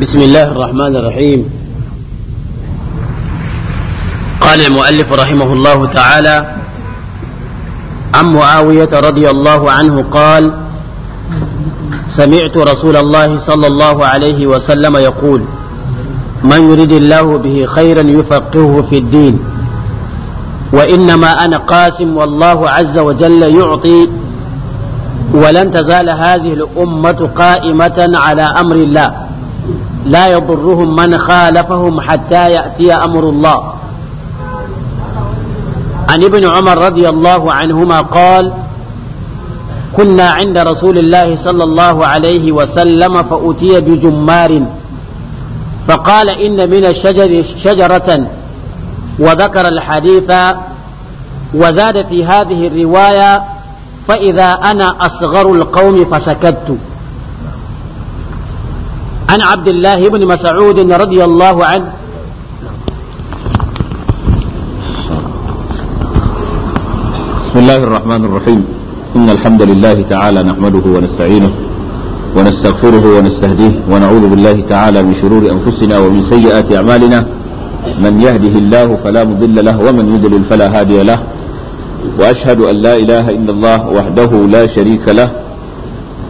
بسم الله الرحمن الرحيم قال المؤلف رحمه الله تعالى عن معاوية رضي الله عنه قال سمعت رسول الله صلى الله عليه وسلم يقول من يريد الله به خيرا يفقهه في الدين وإنما أنا قاسم والله عز وجل يعطي ولن تزال هذه الأمة قائمة على أمر الله لا يضرهم من خالفهم حتى يأتي أمر الله عن ابن عمر رضي الله عنهما قال كنا عند رسول الله صلى الله عليه وسلم فأتي بجمار فقال إن من الشجر شجرة وذكر الحديث وزاد في هذه الرواية فإذا أنا أصغر القوم فسكت عن عبد الله بن مسعود رضي الله عنه بسم الله الرحمن الرحيم إن الحمد لله تعالى نحمده ونستعينه ونستغفره ونستهديه ونعوذ بالله تعالى من شرور أنفسنا ومن سيئات أعمالنا من يهده الله فلا مضل له ومن يضلل فلا هادي له وأشهد أن لا إله إلا الله وحده لا شريك له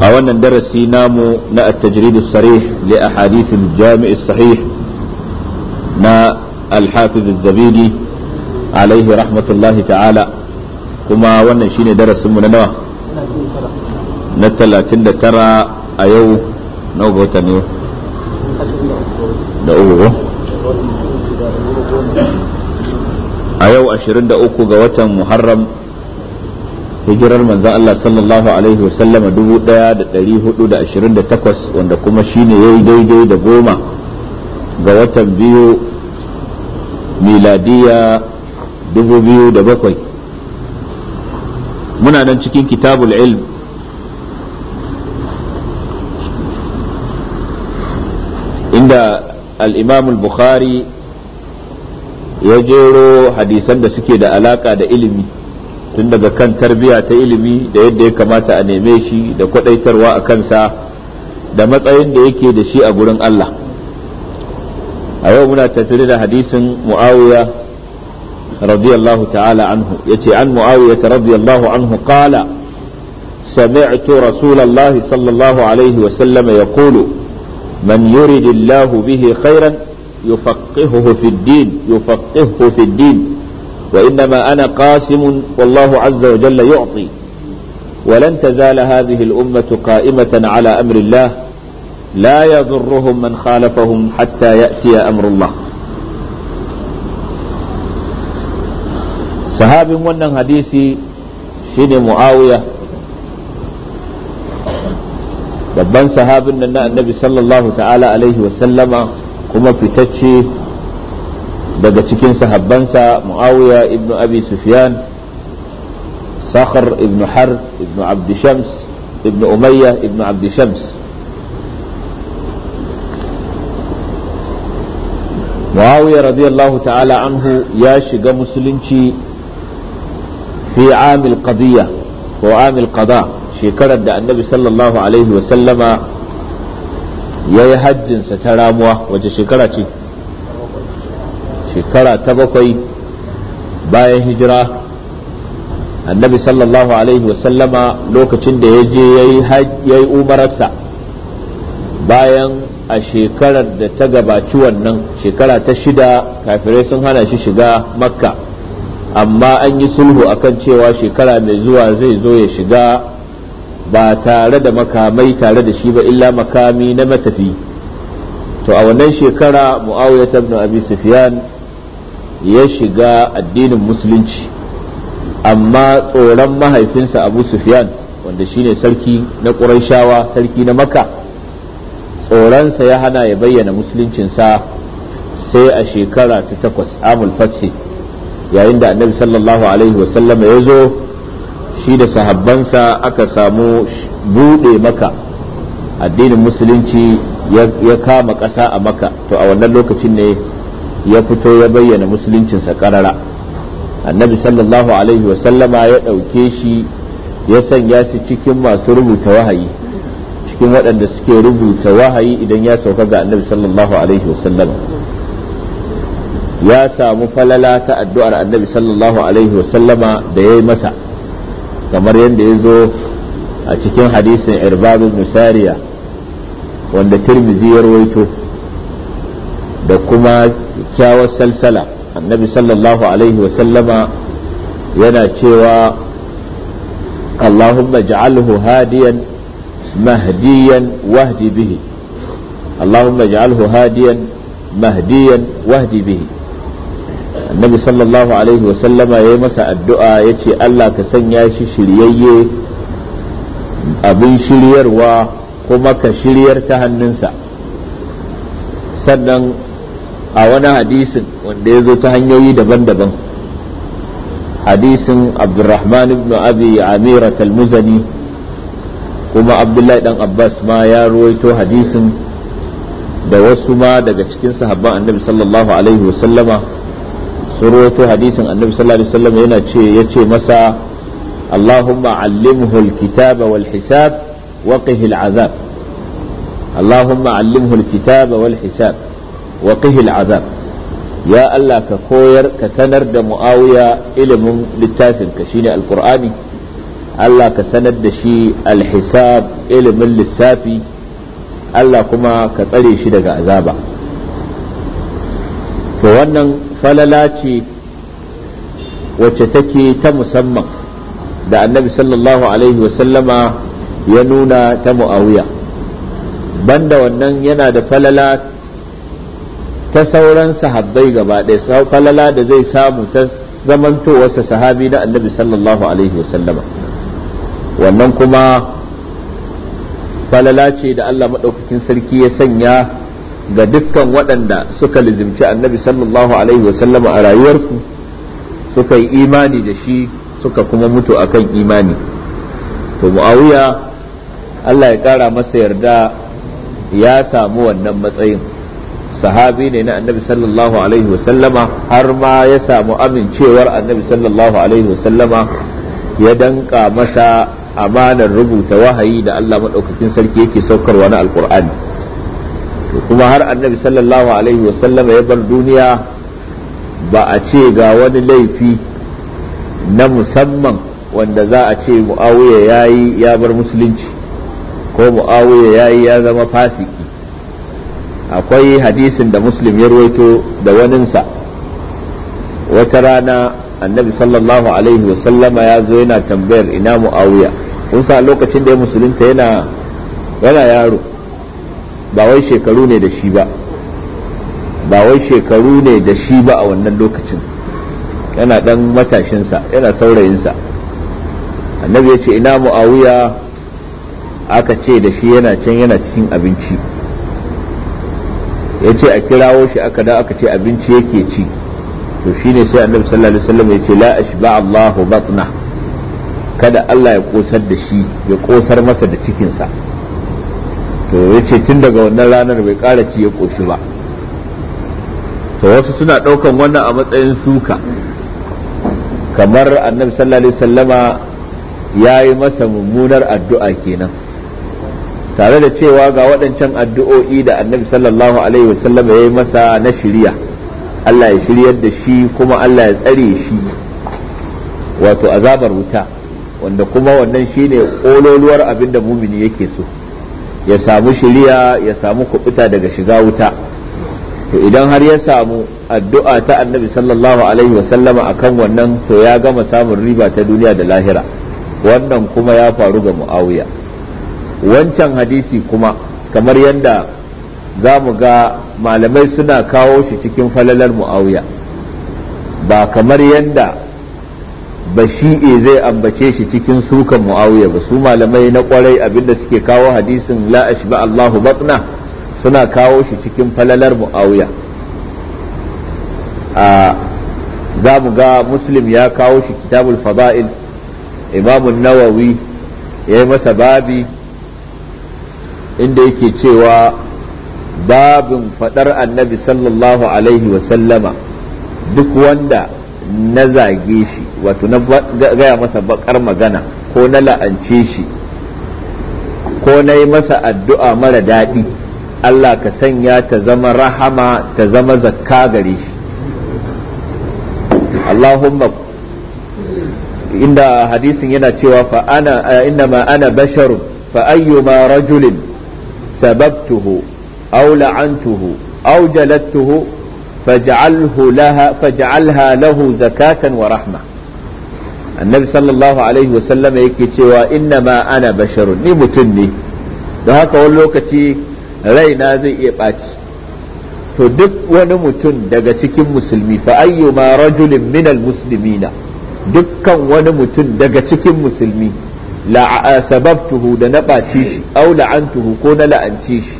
a wannan darasi namu na at-tajrid as-sarih li ahadith al-jami' as-sahih na al-hafiz az-zabidi alaihi rahmatullahi ta'ala kuma wannan shine darasin mu na nawa na 39 a yau na ga watan da uku a yau 23 ga watan muharram hijirar manzon Allah sallallahu alaihi wasallama 1428 wanda kuma shine yi daidai da goma ga watan biyu miladiya 2007 muna nan cikin kitabul ilm inda al al-bukhari ya jero hadisan da suke da alaka da ilimi tun daga kan tarbiya ta ilimi da yadda ya kamata a neme shi da kwadaitarwa a kansa da matsayin da yake da shi a gurin Allah a yau muna tattare da hadisin mu'awiya radiyallahu ta'ala anhu yace an mu'awiya radiyallahu anhu qala سمعت رسول الله صلى الله عليه وسلم يقول من يرد الله به خيرا يفقهه في الدين يفقهه وإنما أنا قاسم والله عز وجل يعطي ولن تزال هذه الأمة قائمة على أمر الله لا يضرهم من خالفهم حتى يأتي أمر الله sahabin wannan hadisi shine muawiya babban sahabin nan na annabi sallallahu ta'ala alaihi wasallama kuma fitacce daga cikin sahabbansa muawiya ibnu abi sufyan sakhar ibnu har ibnu abdi shams ibnu umayya ibnu abdi shams muawiya radiyallahu ta'ala anhu ya shiga musulunci fi amil qadiyya ko amil qada shekarar da annabi sallallahu alaihi wa yayi hajjinsa ta ramuwa wace shekara ce shekara ta bakwai bayan hijira annabi sallallahu alaihi wasallama lokacin da ya je ya yi umararsa bayan a shekarar da ta gabaci wannan shekara ta shida kafirai sun hana shi shiga makka amma an yi sulhu akan cewa shekara mai zuwa zai zo ya shiga ba tare da makamai tare da shi ba illa makami na matafi to a wannan shekara mu'awiyah ibn abi sufyan ya shiga addinin musulunci amma tsoron mahaifinsa abu sufyan wanda shine sarki na ƙurashawa sarki na maka tsoronsa ya hana ya bayyana musuluncinsa sai a shekara ta takwas amul fathi yayin da annabi sallallahu alaihi wasallama ya zo shi da sahabbansa aka samu buɗe maka addinin musulunci ya kama ƙasa a maka to a wannan lokacin ne ya fito ya bayyana musuluncinsa karara annabi sallallahu alaihi wasallama ya ɗauke shi ya sanya shi cikin masu rubuta wahayi cikin waɗanda suke rubuta wahayi idan ya sauka ga annabi sallallahu alaihi wasallama ya samu falala ta addu'ar annabi sallallahu alaihi wasallama da ya masa kamar yadda ya zo a cikin hadisin irbabin musariya wanda tirmizi ya rawaito da kuma kyawar salsala annabi sallallahu alaihi wasallama yana cewa allahumma ja'alhu hadiyan mahdiyan wahdi bihi allahumma ja'alhu hadiyan mahdiyan wahdi bihi annabi sallallahu alaihi wasallama ya yi masa addu'a ya ce allah ka sanya shi shiryayye abin shiryarwa kuma ka shiryar ta hannunsa sannan a wani hadisin wanda ya zo ta hanyoyi daban-daban hadisin abdurrahman ibn abi amira talmuzani kuma abdullahi dan abbas ma ya ruwaito hadisin da wasu ma daga cikin sahabban annabi sallallahu alaihi wasallama sun ruwaito hadisin annabi sallallahu alaihi wasallama yana ce ya ce masa allahumma allimhu alkitaba wal hisab waqihi al'azab allahumma allimhu alkitaba wal hisab wa qihil azab ya Allah ka koyar ka sanar da muawiya ilimin littafin ka shine alqur'ani Allah ka sanar da shi alhisab ilimin lissafi Allah kuma ka tsare shi daga azaba to wannan falala ce wacce take ta musamman da annabi sallallahu alaihi wasallama ya nuna ta mu'awiya banda wannan yana da falala ta sauran sahabbai gaba ɗaya falala da zai samu ta zamantowarsa sahabi na annabi sallallahu alaihi wasallama wannan kuma falala ce da Allah maɗaukakin sarki ya sanya ga dukkan waɗanda suka lizimci annabi sallallahu alaihi wasallama a rayuwarsu suka yi imani da shi suka kuma mutu akan imani to mu'awiya Allah ya ƙara masa yarda ya samu wannan matsayin sahabi ne na annabi sallallahu alaihi wasallama har ma ya samu amincewar annabi sallallahu alaihi wasallama ya danka masa amanar rubuta wahayi da Allah maɗaukakin sarki yake saukarwa na alkur'ani kuma har annabi sallallahu alaihi wasallama ya bar duniya ba a ce ga wani laifi na musamman wanda za a ce mu'awiya ya yi ya bar musulunci ko mu'awiya ya yi ya zama fasik akwai hadisin da muslim ya ruwaito da waninsa wata rana annabi sallallahu alaihi wasallama ya zo yana tambayar ina mu'awiya kun sa lokacin da ya musulunta yana yana yaro ba wai shekaru ne da shi ba ba wai shekaru ne da shi ba a wannan lokacin yana dan matashinsa yana saurayinsa annabi ya ce ina mu'awiya aka ce da shi yana can yana cikin abinci ya ce a kirawo shi aka da aka ce abinci yake ci to shine sai annabi sallallahu alaihi wasallam ya ce la ashba Allahu batna kada Allah ya kosar da shi ya kosar masa da cikinsa to ya ce tun daga wannan ranar bai ƙara ci ya ƙoshi ba to wasu suna ɗaukan wannan a matsayin suka kamar annabi sallallahu alaihi wasallama ya masa mummunar addu'a kenan tare da cewa ga waɗancan addu'o'i da annabi sallallahu alaihi wasallam ya yi masa na shirya Allah ya shiryar da shi kuma Allah ya tsare shi wato azabar wuta wanda kuma wannan shi ne ƙololuwar abin da mumini yake so ya samu shirya ya samu kuɓuta daga shiga wuta to idan har ya samu addu'a ta annabi sallallahu alaihi a akan wannan to ya gama samun riba ta duniya da lahira wannan kuma ya faru ga mu'awiya wancan hadisi kuma kamar yadda za mu ga malamai suna kawo shi cikin falalar mu'awiya ba kamar yadda ba bashi'e zai ambace shi cikin sukan mu'awiya ba su malamai na kwarai abinda suke kawo hadisin la ashba Allahu batna suna kawo shi cikin falalar mu'awiya a za mu ga muslim ya kawo shi kitabul fada'il imamun nawawi ya yi masa babi inda yake cewa babin faɗar annabi sallallahu alaihi wasallama duk wanda na zage shi wato na gaya masa bakar magana ko na la'ance shi ko na yi masa addu'a mara daɗi Allah ka sanya ta zama rahama ta zama zakka gare shi Allahumma inda hadisin yana cewa fa ana inna ma ana basharun fa ayyuma rajulin سببته أو لعنته أو جلدته فاجعله لها فاجعلها له زكاة ورحمة النبي صلى الله عليه وسلم yake cewa inna ma ana basharun ni mutum ne da haka wani lokaci raina zai iya ɓaci to duk wani mutum daga cikin musulmi fa ayyuma rajulin minal musulmina dukkan wani mutum daga cikin musulmi sabab tuhu da na ɓaci shi au la'antuhu ko na la'ance shi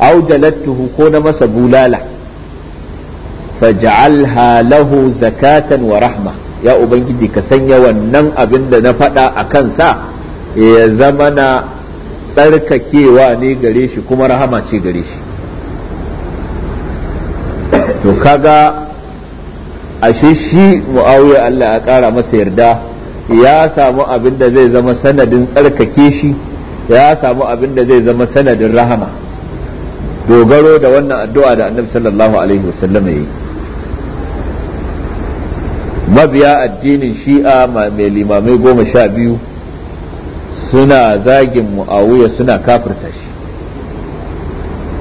au jalattuhu ko na masa bulala faj'alha lahu zakatan wa rahma ya ubangiji ka sanya wannan abin da na faɗa a kan sa ya zama na tsarkakewa ne gareshi kuma rahama ce gareshi. shi to kaga ashe shi mu mu'awiya Allah a ƙara masa yarda ya samu abin da zai zama sanadin tsarkake shi ya samu abin da zai zama sanadin rahama dogaro da wannan addu'a da annabi sallallahu alaihi wasallam ya yi mabiya addinin shi'a mai limamai goma sha biyu suna zagin mu'awiya suna kafirta shi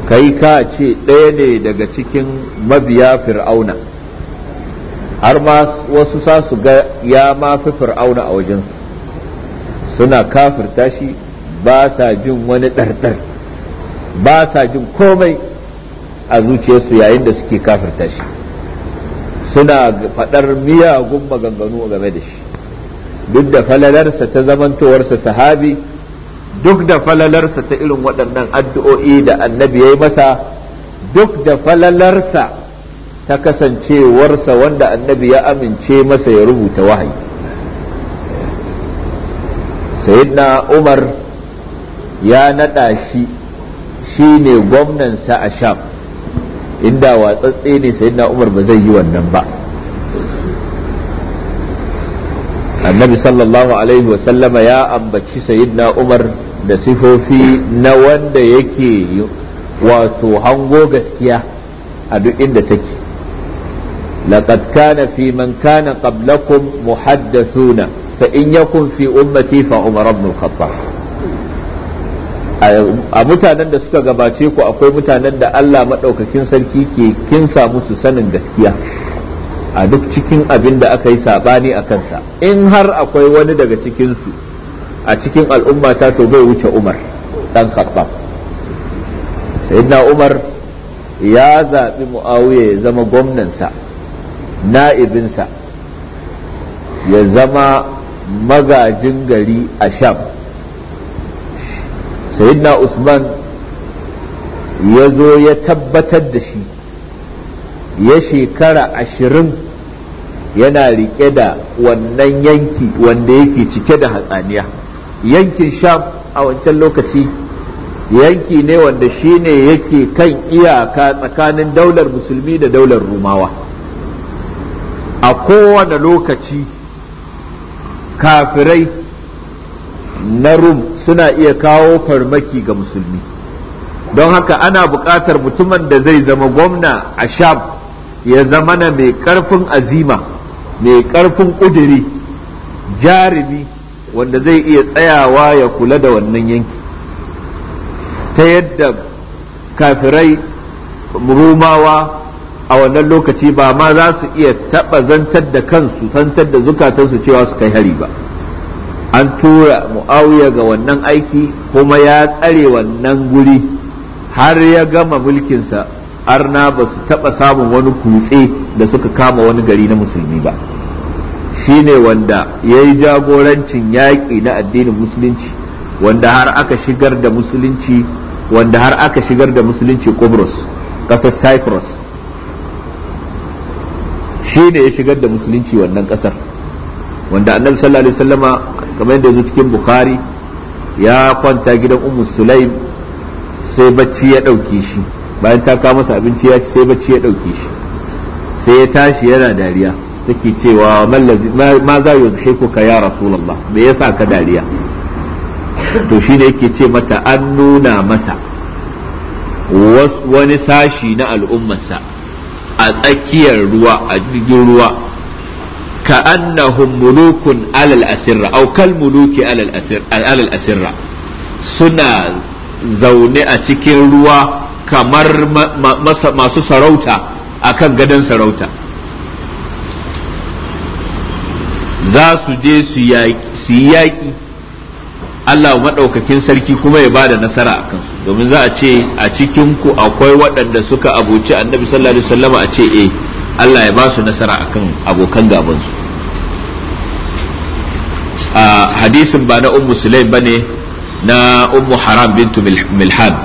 kai ka ce ɗaya ne daga cikin mabiya fir'auna har ma wasu sa su ga ya ma fi fir'auna a wajensu suna kafirta shi ba sa jin wani ɗarɗar ba sa jin komai a zuciyarsu yayin da suke kafirta shi suna faɗar miyagun maganganu game da shi duk da falalarsa ta zamantowarsa sahabi duk da falalarsa ta irin waɗannan addu'o'i da annabi ya yi masa duk da falalarsa ta kasancewarsa wanda annabi ya amince masa ya rubuta wahayi sayyidina umar ya naɗa shi shi ne gwamnansa a sham inda watsatse ne sayyidina umar ba zai yi wannan ba annabi sallallahu alaihi wasallama ya ambaci sayyidina umar da sifofi na wanda yake wato hango gaskiya a duk inda take لقد كان في من كان قبلكم محدثون فإن يكن في أمتي فعمر بن الخطاب a mutanen da suka gabace ku akwai mutanen da Allah maɗaukakin sarki ke kin kinsa musu sanin gaskiya a duk cikin abin da aka yi saɓani a kansa in har akwai wani daga cikinsu a cikin al'umma ta to bai wuce umar ɗan khattab sayyidina umar ya zaɓi mu'awiya ya zama gwamnansa na'ibinsa ya zama magajin gari a sham sayyidina usman ya zo ya tabbatar da shi ya shekara ashirin yana rike da wannan yanki wanda yake cike da hatsaniya yankin sham a wancan lokaci yanki ne wanda shine yake kan iyaka tsakanin daular musulmi da daular rumawa a kowane lokaci kafirai na rum suna iya kawo farmaki ga musulmi don haka ana buƙatar mutumin da zai zama gwamna a sham ya zama zamana mai ƙarfin azima mai ƙarfin ƙudiri jarumi wanda zai iya tsayawa ya kula da wannan yanki ta yadda kafirai rumawa a wannan lokaci ba ma za su iya taɓa zantar da kansu zantar da zukatansu cewa su kai hari ba an tura mu'awiya ga wannan aiki kuma ya tsare wannan guri har ya gama mulkinsa arna ba su taɓa samun wani kutse da suka kama wani gari na musulmi ba shi ne wanda ya yi jagorancin yaƙi na addinin musulunci wanda har aka shigar da musulunci wanda ƙasar Cyprus shi ne ya shigar da musulunci wannan kasar wanda annabi sallallahu alaihi wasallama kamar yadda yazo cikin bukhari ya kwanta gidan ummu sulaim sai bacci ya dauke shi bayan ta kawo masa abinci ya ci sai bacci ya dauke shi sai ya tashi yana dariya take cewa ma za yi ka ya rasulullah me yasa ka dariya to shi ne yake ce mata an nuna masa wani sashi na al'ummarsa a tsakiyar ruwa a jirgin ruwa ka annahum mulukun alal asirra au kal muluki alal asirra suna zaune a cikin ruwa kamar masu sarauta a kan gadon sarauta za su je su yi yaƙi Allah maɗaukakin sarki kuma ya bada nasara a kansu domin za a ce a cikin ku akwai waɗanda suka abuci annabi sallallahu alaihi wasallam a ce eh Allah ya ba su nasara akan abokan gaban su a hadisin ba na ummu sulaim bane na ummu haram bintu milhan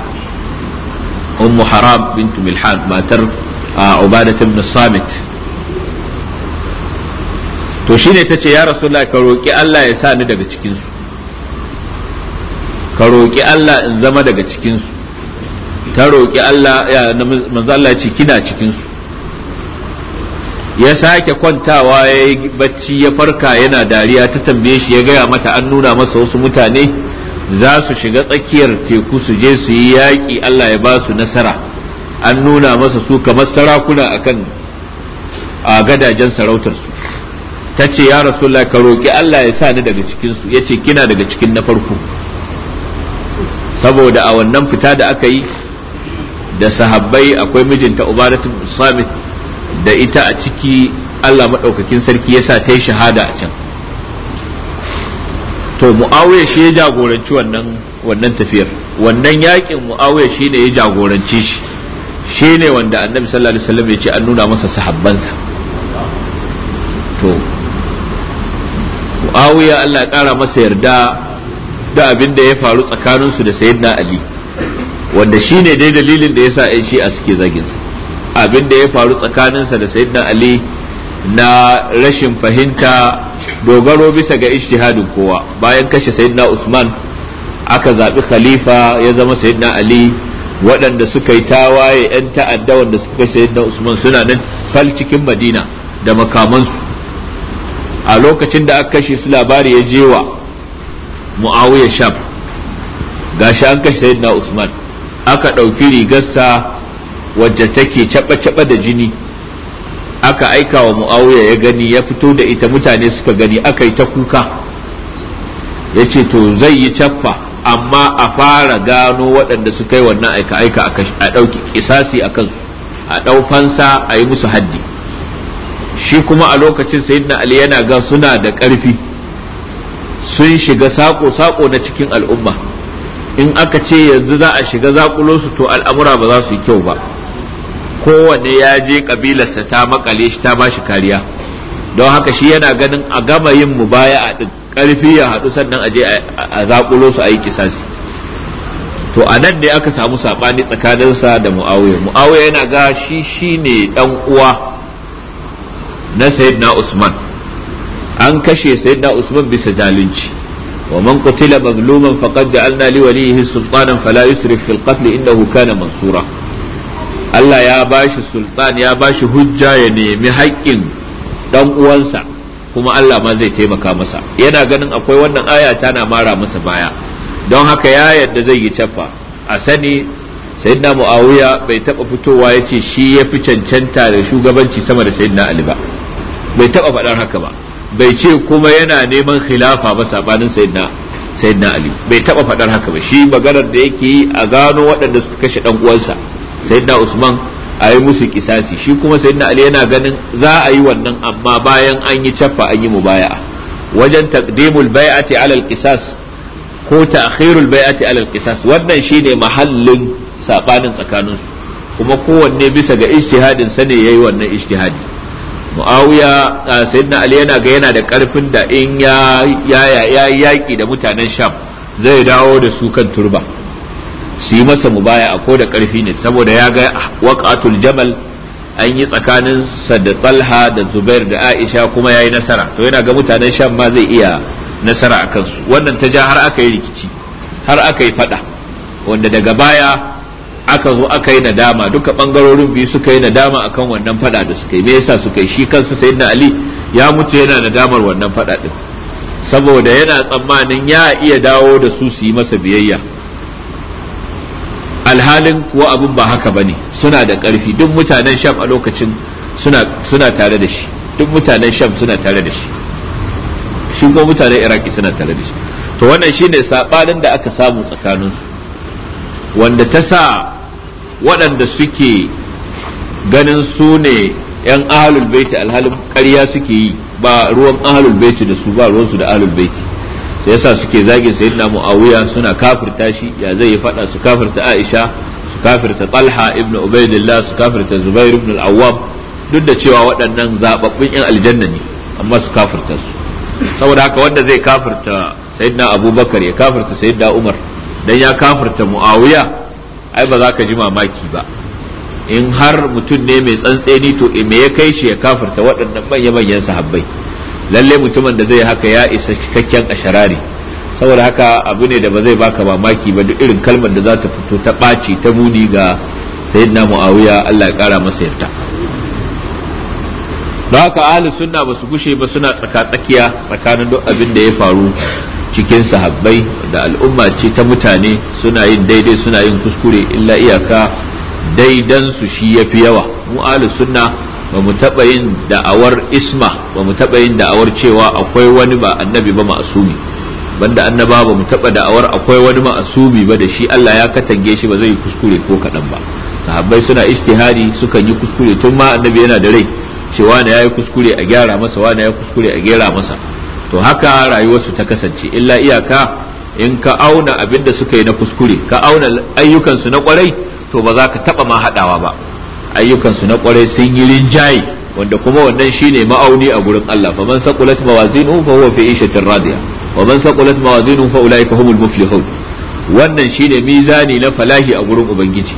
ummu haram bintu milhan matar ubadat ibn samit to shine tace ya rasulullahi ka roki Allah ya sa ni daga cikin su ka roƙi Allah in zama daga cikinsu ta roƙi Allah ya manzo Allah ce kina cikinsu ya sake kwantawa ya yi bacci ya farka yana dariya ta tambaye shi ya gaya mata an nuna masa wasu mutane za su shiga tsakiyar teku su je su yi yaƙi Allah ya ba su nasara an nuna masa su kamar sarakuna akan a gadajen sarautarsu ta ce ya rasu ka roƙi Allah ya sa ni daga cikinsu ya ce kina daga cikin na farko saboda a wannan fita da aka yi da sahabbai akwai mijinta ubaratu samit da ita a ciki Allah maɗaukakin sarki ya sa ta yi shahada a can to mu'awiya shi ya jagoranci wannan wannan tafiyar wannan yakin mu'awiya shi ne ya jagorance shi shi ne wanda annabi sallallahu alaihi wasallam ya ce an nuna masa sahabbansa to mu'awiya Allah ya ƙara masa yarda da abin da ya faru tsakaninsu da sayyidina ali wanda shine dai dalilin da ya sa shi a suke zagin abin da ya faru tsakaninsa da sayyidina ali na rashin fahimta dogaro bisa ga ijtihadin kowa bayan kashe sayyidina usman aka zaɓi khalifa ya zama sayyidina ali waɗanda suka yi tawaye 'yan ta'adda wanda suka kashe sayyidina usman suna nan fal cikin madina da makamansu a lokacin da aka kashe su labari ya jewa muawiya sham gashi an kashe sayyidina usman aka ɗauki rigarsa wadda take caɓa-caɓa da jini aka aika wa muawiya ya gani ya fito da ita mutane suka gani aka yi ta kuka ya ce to zai yi caffa amma a fara gano waɗanda su kai wannan aika-aika a ɗauki kisasi a a ɗaufansa a yi musu haddi shi kuma a lokacin sayyidina ali yana ga suna da ƙarfi sun shiga saƙo-saƙo na cikin al'umma in aka ce yanzu za a shiga zaƙulo su to al'amura ba za su yi kyau ba kowanne ya je ƙabilarsa ta makale shi ta ba shi kariya don haka shi yana ganin a gama yin mu baya a ɗin ƙarfi ya haɗu sannan a je a zaƙulo su a yi kisasi to a nan ne aka samu saɓani tsakaninsa da mu'awiya mu'awiya yana ga shi shi ne ɗan uwa na na usman an kashe sayyidina usman bisa zalunci wa man qutila mazluman faqad ja'alna li walihi sultanan fala yusrif fil qatl innahu kana mansura Allah ya bashi sultan ya bashi hujja ya nemi haƙƙin dan uwansa kuma Allah ma zai taimaka masa yana ganin akwai wannan aya tana mara masa baya don haka ya yadda zai yi caffa a sani sayyidina muawiya bai taba fitowa yace shi ya fi cancanta da shugabanci sama da sayyidina ali ba bai taba faɗar haka ba bai ce kuma yana neman khilafa ba sabanin sayyidina sayyidina ali bai taba fadar haka ba shi maganar da yake yi a gano waɗanda suka kashe dan uwansa sayyidina usman a yi musu kisasi shi kuma sayyidina ali yana ganin za a yi wannan amma bayan an yi caffa an yi mubaya'a wajen taqdimul bai'ati al qisas ko ta'khirul bai'ati al qisas wannan shine mahallin sabanin tsakaninsu kuma kowanne bisa ga ijtihadin sa ne yayi wannan ijtihadi muawiya sayyidina ali yana ga yana da karfin da in ya ya yaki da mutanen sham zai dawo da su kan turba su yi masa mubaya a ko da karfi ne saboda ya ga waqatul jamal an yi tsakanin sa da talha da zubair da aisha kuma yayi nasara to yana ga mutanen sham ma zai iya nasara a kansu wannan ta ja har aka yi rikici har aka yi fada wanda daga baya aka zo aka yi nadama duka bangarorin biyu suka yi nadama akan wannan fada da suka yi me yasa suka yi shi kansa sayyidina ali ya mutu yana nadamar wannan fada din saboda yana tsammanin ya iya dawo da su su yi masa biyayya alhalin kuwa abin ba haka bane suna da ƙarfi duk mutanen sham a lokacin suna suna tare da shi duk mutanen sham suna tare da shi shi kuma mutanen iraki suna tare da shi to wannan shine sabanin da aka samu tsakaninsu wanda ta sa waɗanda suke ganin su ne 'yan ahalul baiti alhalin ƙarya suke yi ba ruwan ahalul baiti da su ba ruwansu da ahalul baiti sai yasa suke zagin na muawiya suna kafirta shi ya zai yi fada su kafirta aisha su kafirta talha ibn ubaidillah su kafirta zubair ibn al-awwam duk da cewa waɗannan zababbun yan aljanna ne amma su kafirta su saboda haka wanda zai kafirta sayyidina abubakar ya kafirta sayyidina umar dan ya kafirta muawiya ai ba za ka ji mamaki ba in har mutum ne mai tsantseni to eh, me ya kai shi ya kafirta waɗannan manya-manyan sahabbai lalle mutumin da zai haka ya isa cikakken asharari saboda haka abu ne da ba zai baka mamaki ba duk irin kalmar da za ta fito ta ɓaci ta muni ga sayyidina muawiya Allah ya ƙara masa yarda don haka ahli sunna ba su gushe ba suna tsaka tsakiya tsakanin duk abin da ya faru cikin sahabbai da al'umma ce ta mutane suna yin daidai suna yin kuskure illa iyaka daidan su shi yafi yawa mu ahlus sunna ba mu taɓa yin da'awar isma ba mu taɓa yin da'awar cewa akwai wani ba annabi ba ma'asumi banda annaba ba mu taɓa da'awar akwai wani ma'asumi ba da shi Allah ya katange shi ba zai yi kuskure ko kaɗan ba sahabbai suna ijtihadi suka yi kuskure tun ma annabi yana da rai cewa ne yayi kuskure a gyara masa wani ya kuskure a gyara masa to haka rayuwarsu ta kasance illa iyaka in ka auna abin da suka yi na kuskure ka auna ayyukansu na kwarai to ba za ka taba ma haɗawa ba ayyukansu na kwarai sun yi rinjaye wanda kuma wannan shine ma'auni a gurin Allah man saqulat mawazinuhu fa huwa fi ishatin radiya wa man saqulat mawazinuhu fa ulaika humul muflihun wannan shine mizani na falahi a gurin ubangiji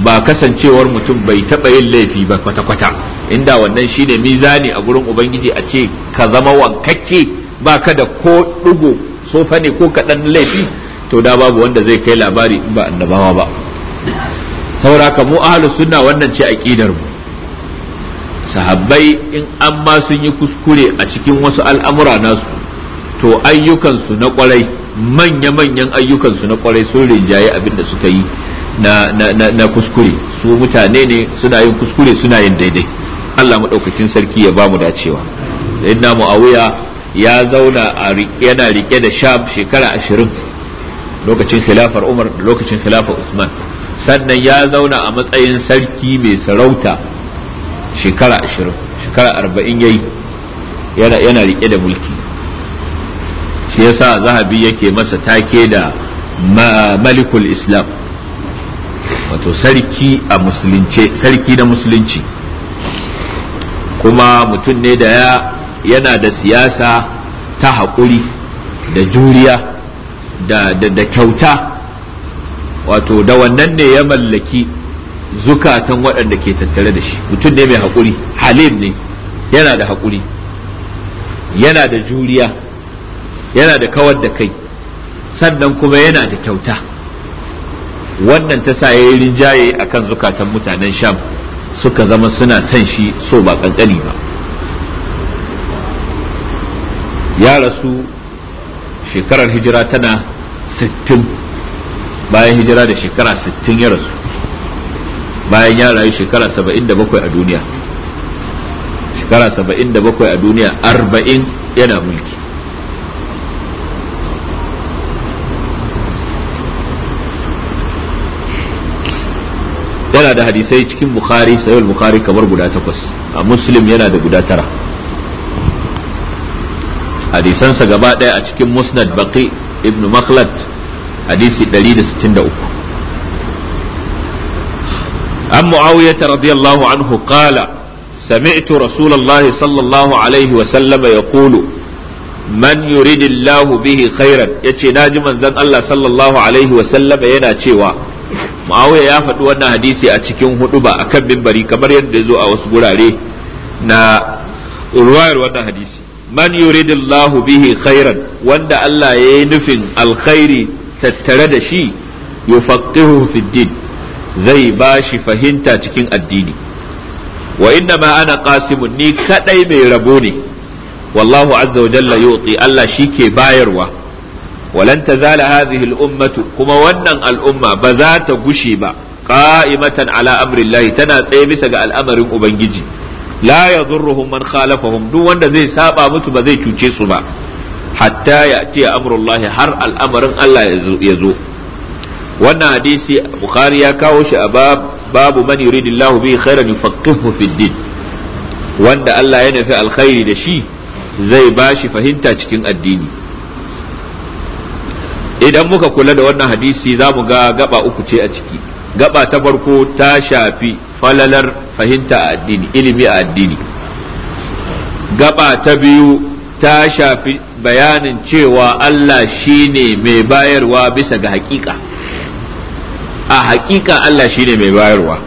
ba kasancewar mutum bai taba yin laifi ba kwata kwata inda wannan shine mizani a gurin ubangiji a ce ka zama wankakke baka da ko dugo tsofa ne ko kaɗan laifi to da babu wanda zai kai labari in ba annabawa ba ka mu ahlu sunna wannan ce aqidar mu sahabbai in an ma sun yi kuskure a cikin wasu al'amura nasu to ayyukansu na kwarai manya-manyan ayyukansu na kwarai sun rinjaye abin da suka yi na, na, na, kuskure su mutane ne suna yin kuskure suna yin daidai Allah maɗaukakin sarki ya ba mu dacewa a wuya. ya zauna yana rike da sham shekara ashirin lokacin khilafar umar da lokacin khilafar usman sannan ya zauna a matsayin sarki mai sarauta shekara ashirin shekara arba'in yayi yana yana rike da mulki shi yasa zahabi yake masa take da malikul islam wato sarki a musulunce sarki na musulunci kuma mutum ne da ya yana da siyasa ta haƙuri da juriya da, kyauta wato da wannan ne ya mallaki zukatan waɗanda ke tattare da shi mutum ne mai haƙuri halim ne yana da haƙuri yana da juriya yana da kawar da kai sannan kuma yana da kyauta wannan ta sa ya yi rinjaye a kan zukatan mutanen sham suka zama suna son shi so ba ƙanƙani ba ya rasu shekarar hijira tana 60 bayan hijira da shekara 60 ya rasu bayan ya rayu shekara 77 a duniya shekara 77 a duniya 40 yana mulki yana da hadisai cikin bukhari sayar bukhari kamar guda takwas a muslim yana da guda tara hadisansa gaba ɗaya a cikin musnad baqi ibn makhlad hadisi 163 an mu'awiyata radiyallahu anhu qala سمعت رسول الله صلى الله عليه وسلم يقول من يريد الله به خيرا يتي ناجي من زن الله صلى الله عليه وسلم ينا تشيوا معاوية يا فتوانا حديثي أتشكين هدوبا أكم من بري كمر يندزو أو سبولاري نا رواية وانا حديثي man yuridillahu bihi khairan wanda Allah ya yi nufin alkhairi tattare da shi yufaqihu fid din zai ba shi fahimta cikin addini wa inna ma ana qasimun ni kadai mai rabo ne wallahu azza wa jalla yu'ti Allah shike bayarwa walan tazala hadhihi al-ummatu kuma wannan al'umma ba za ta gushe ba qa'imatan ala tana tsaye bisa ga al'amarin ubangiji la yadhurruhum man khalafahum duk wanda zai saba musu ba zai cuce su ba hatta ya'ti amrullahi har al'amarin Allah ya zo wannan hadisi bukhari ya kawo shi a babu man yuridillahu bi khairan yufaqihu fid wanda Allah ya nufi alkhairi da shi zai bashi fahimta cikin addini idan muka kula da wannan hadisi za mu ga gaba uku ce a ciki gaba ta farko ta shafi falalar fahimta a addini ilimi a addini gaba ta biyu ta shafi bayanin cewa Allah shine mai bayarwa bisa ga hakika a hakika Allah shine mai bayarwa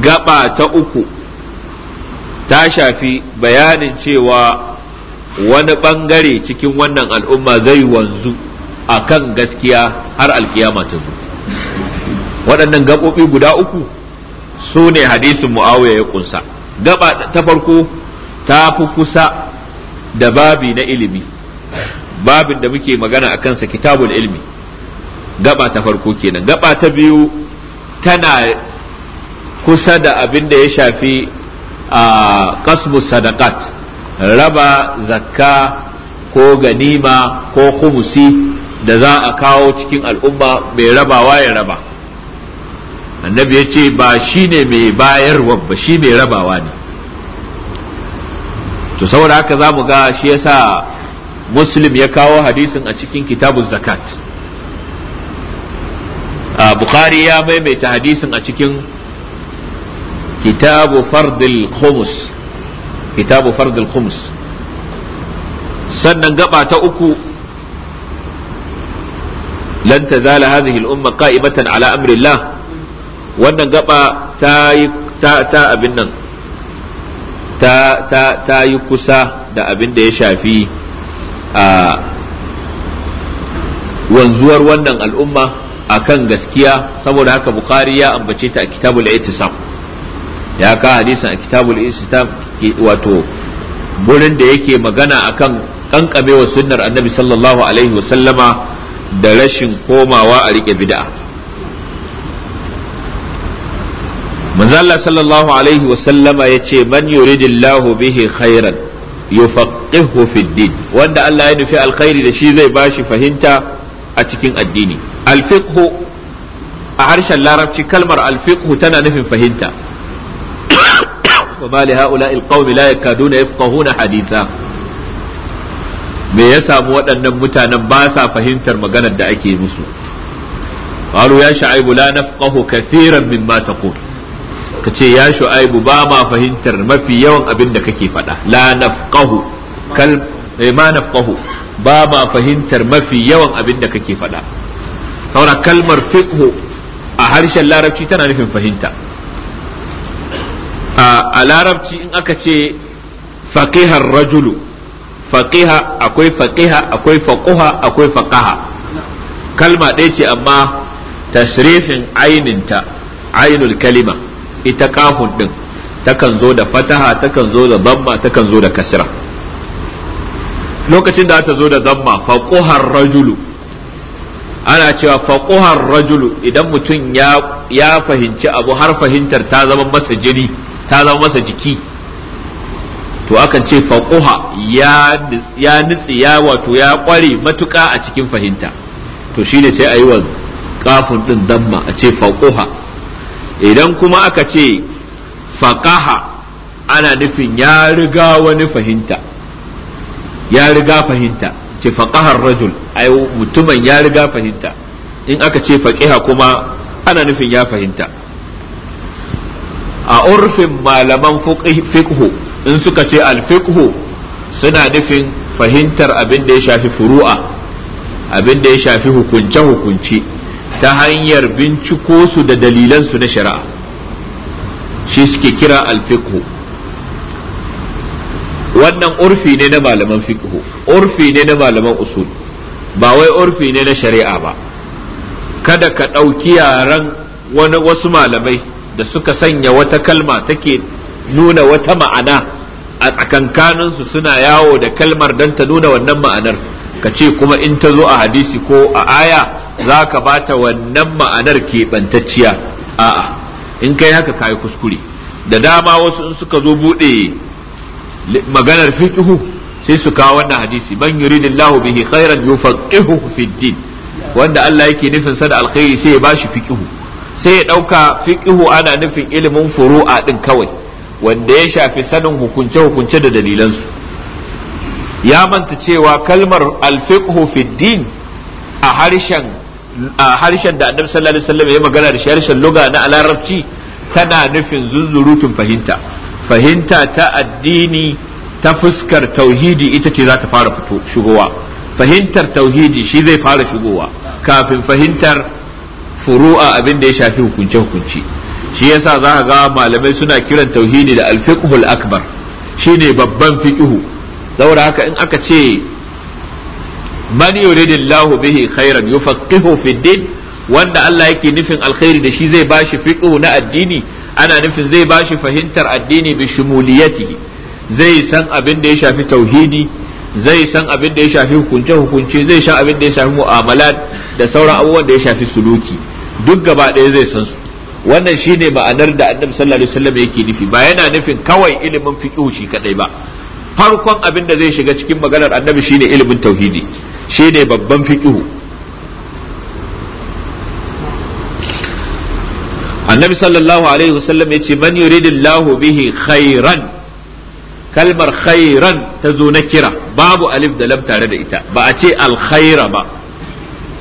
gaba ta uku ta shafi bayanin cewa wani bangare cikin wannan al'umma zai wanzu a kan gaskiya har alkiyama ta zo waɗannan gaɓoɓi guda uku su ne hadisin mu'awiya ya kunsa gaba ta farko ta fi kusa da babi na ilimi babin da muke magana a kansa kitabul ilmi gaba ta farko kenan gaba ta biyu tana kusa da abin da ya shafi a kasmu sadakat raba zakka ko ganima ko kumusi da za a kawo cikin al'umma mai rabawa ya raba annabi ya ce ba shi ne mai bayarwa ba shi mai rabawa ne to saboda haka za mu ga shi yasa muslim ya kawo hadisin a cikin kitabun zakat a bukhari ya maimaita hadisin a cikin kitabu fardil khumus kitabu fardil khumus sannan gaba ta uku lan tazala hadhihi al-umma qa'imatan ala amri wannan gaba ta yi ta ta abin nan ta ta ta yi kusa da abin da ya shafi a wanzuwar wannan al'umma akan gaskiya saboda haka bukari ya ambace ta a kitabul itisam ya ka hadisan a kitabul itisam wato gurin da yake magana akan kankamewa sunnar annabi sallallahu alaihi wasallama da rashin komawa a rike bid'a manzo sallallahu alaihi wa sallama yace man yuridillahu bihi khairan yufaqihu fid din wanda Allah ya nufi alkhairi da shi zai bashi fahimta a cikin addini alfiqhu a harshen larabci kalmar alfiqhu tana nufin fahimta wa ma li haula alqawmi la yakaduna yafqahuna haditha me ya samu waɗannan mutanen ba sa fahimtar maganar da ake musu قالوا يا شعيب لا نفقه كثيرا مما تقول ka ce ya shu'aibu ba ma fahimtar mafi yawan abin da kake faɗa la nafqahu kal eh, ma nafqahu ba ma fahimtar mafi yawan abin da kake faɗa saura kalmar fiqhu a harshen larabci tana nufin fahimta a larabci in aka ce faqihar rajulu faqiha akwai faqiha akwai faquha akwai faqaha kalma ɗaya ce amma tashrifin aininta ainul kalima ita kafun ɗin takan zo da fataha takan zo da damma takan zo da kasira. lokacin da ta zo da damma faƙuhar rajulu ana cewa faƙuhar rajulu idan mutum ya fahimci abu har fahimtar ta zama masa jini ta zama masa jiki to akan ce faƙuha ya ya nitsi ya wato ya ƙware matuƙa a cikin fahimta to shine sai ayi wa kafin ɗin damma a ce faƙuha. idan kuma aka ce faƙaha ana nufin ya riga wani fahimta ya riga fahimta ce faƙahar rajul ai mutumin ya riga fahimta in aka ce faqiha kuma ana nufin ya fahimta a urfin malaman fiqhu in suka ce alfiqhu suna nufin fahimtar abin da ya shafi furu'a abin da ya shafi hukunce-hukunce ta hanyar binciko su da dalilansu na shari'a shi suke kira alfiqhu wannan urfi ne na malaman fiqhu urfi ne na malaman usul ba wai urfi ne na shari'a ba kada ka ɗauki yaran wani wasu malamai da suka sanya wata kalma take nuna wata ma'ana a tsakankaninsu suna yawo da kalmar don ta nuna wannan ma'anar ka ce kuma in ta zo a hadisi ko a aya za ka ba ta wannan ma'anar keɓantacciya a'a in kai haka ka yi kuskure da dama wasu in suka zo buɗe maganar fiƙihu sai su kawo wannan hadisi man yuridillahu bihi khairan yufaqihu fi din wanda Allah yake nufin sa da alkhairi sai ya bashi fiqihu sai ya dauka fiqihu ana nufin ilimin furu'a din kawai wanda ya shafi sanin hukunce hukunce da dalilansu ya manta cewa kalmar alfiqhu fi din a harshen harshen da annabi sallallahu alaihi wasallam ya magana da harshen luga na alarabci tana nufin zunzurutun fahimta fahimta ta addini ta fuskar tauhidi ita ce za ta fara fito shigowa fahimtar tauhidi shi zai fara shigowa kafin fahimtar furu'a abin da ya shafi hukunce hukunci shi yasa za ka ga malamai suna kiran tauhidi da alfiqhul akbar shine babban fiqhu saboda haka in aka ce man yuridillahu bihi khairan yufaqihu Fiddin, wanda Allah yake nufin alkhairi da shi zai bashi fiqhu na addini ana nufin zai bashi fahimtar addini bi shumuliyatihi zai san abin da ya shafi tauhidi zai san abin da ya shafi hukunce hukunce zai sha abin da ya shafi mu'amalat da sauran abubuwan da ya shafi suluki duk gaba ɗaya zai san su wannan shine ma'anar da annabi sallallahu alaihi yake nufi ba yana nufin kawai ilimin fiqhu shi kadai ba farkon abin da zai shiga cikin maganar annabi shine ilimin tauhidi ne babban fiqihu annabi sallallahu alaihi wasallam ya ce man yuridillahu bihi khairan kalmar khairan ta zo na kira babu alif da lam tare da ita ba a ce alkhaira ba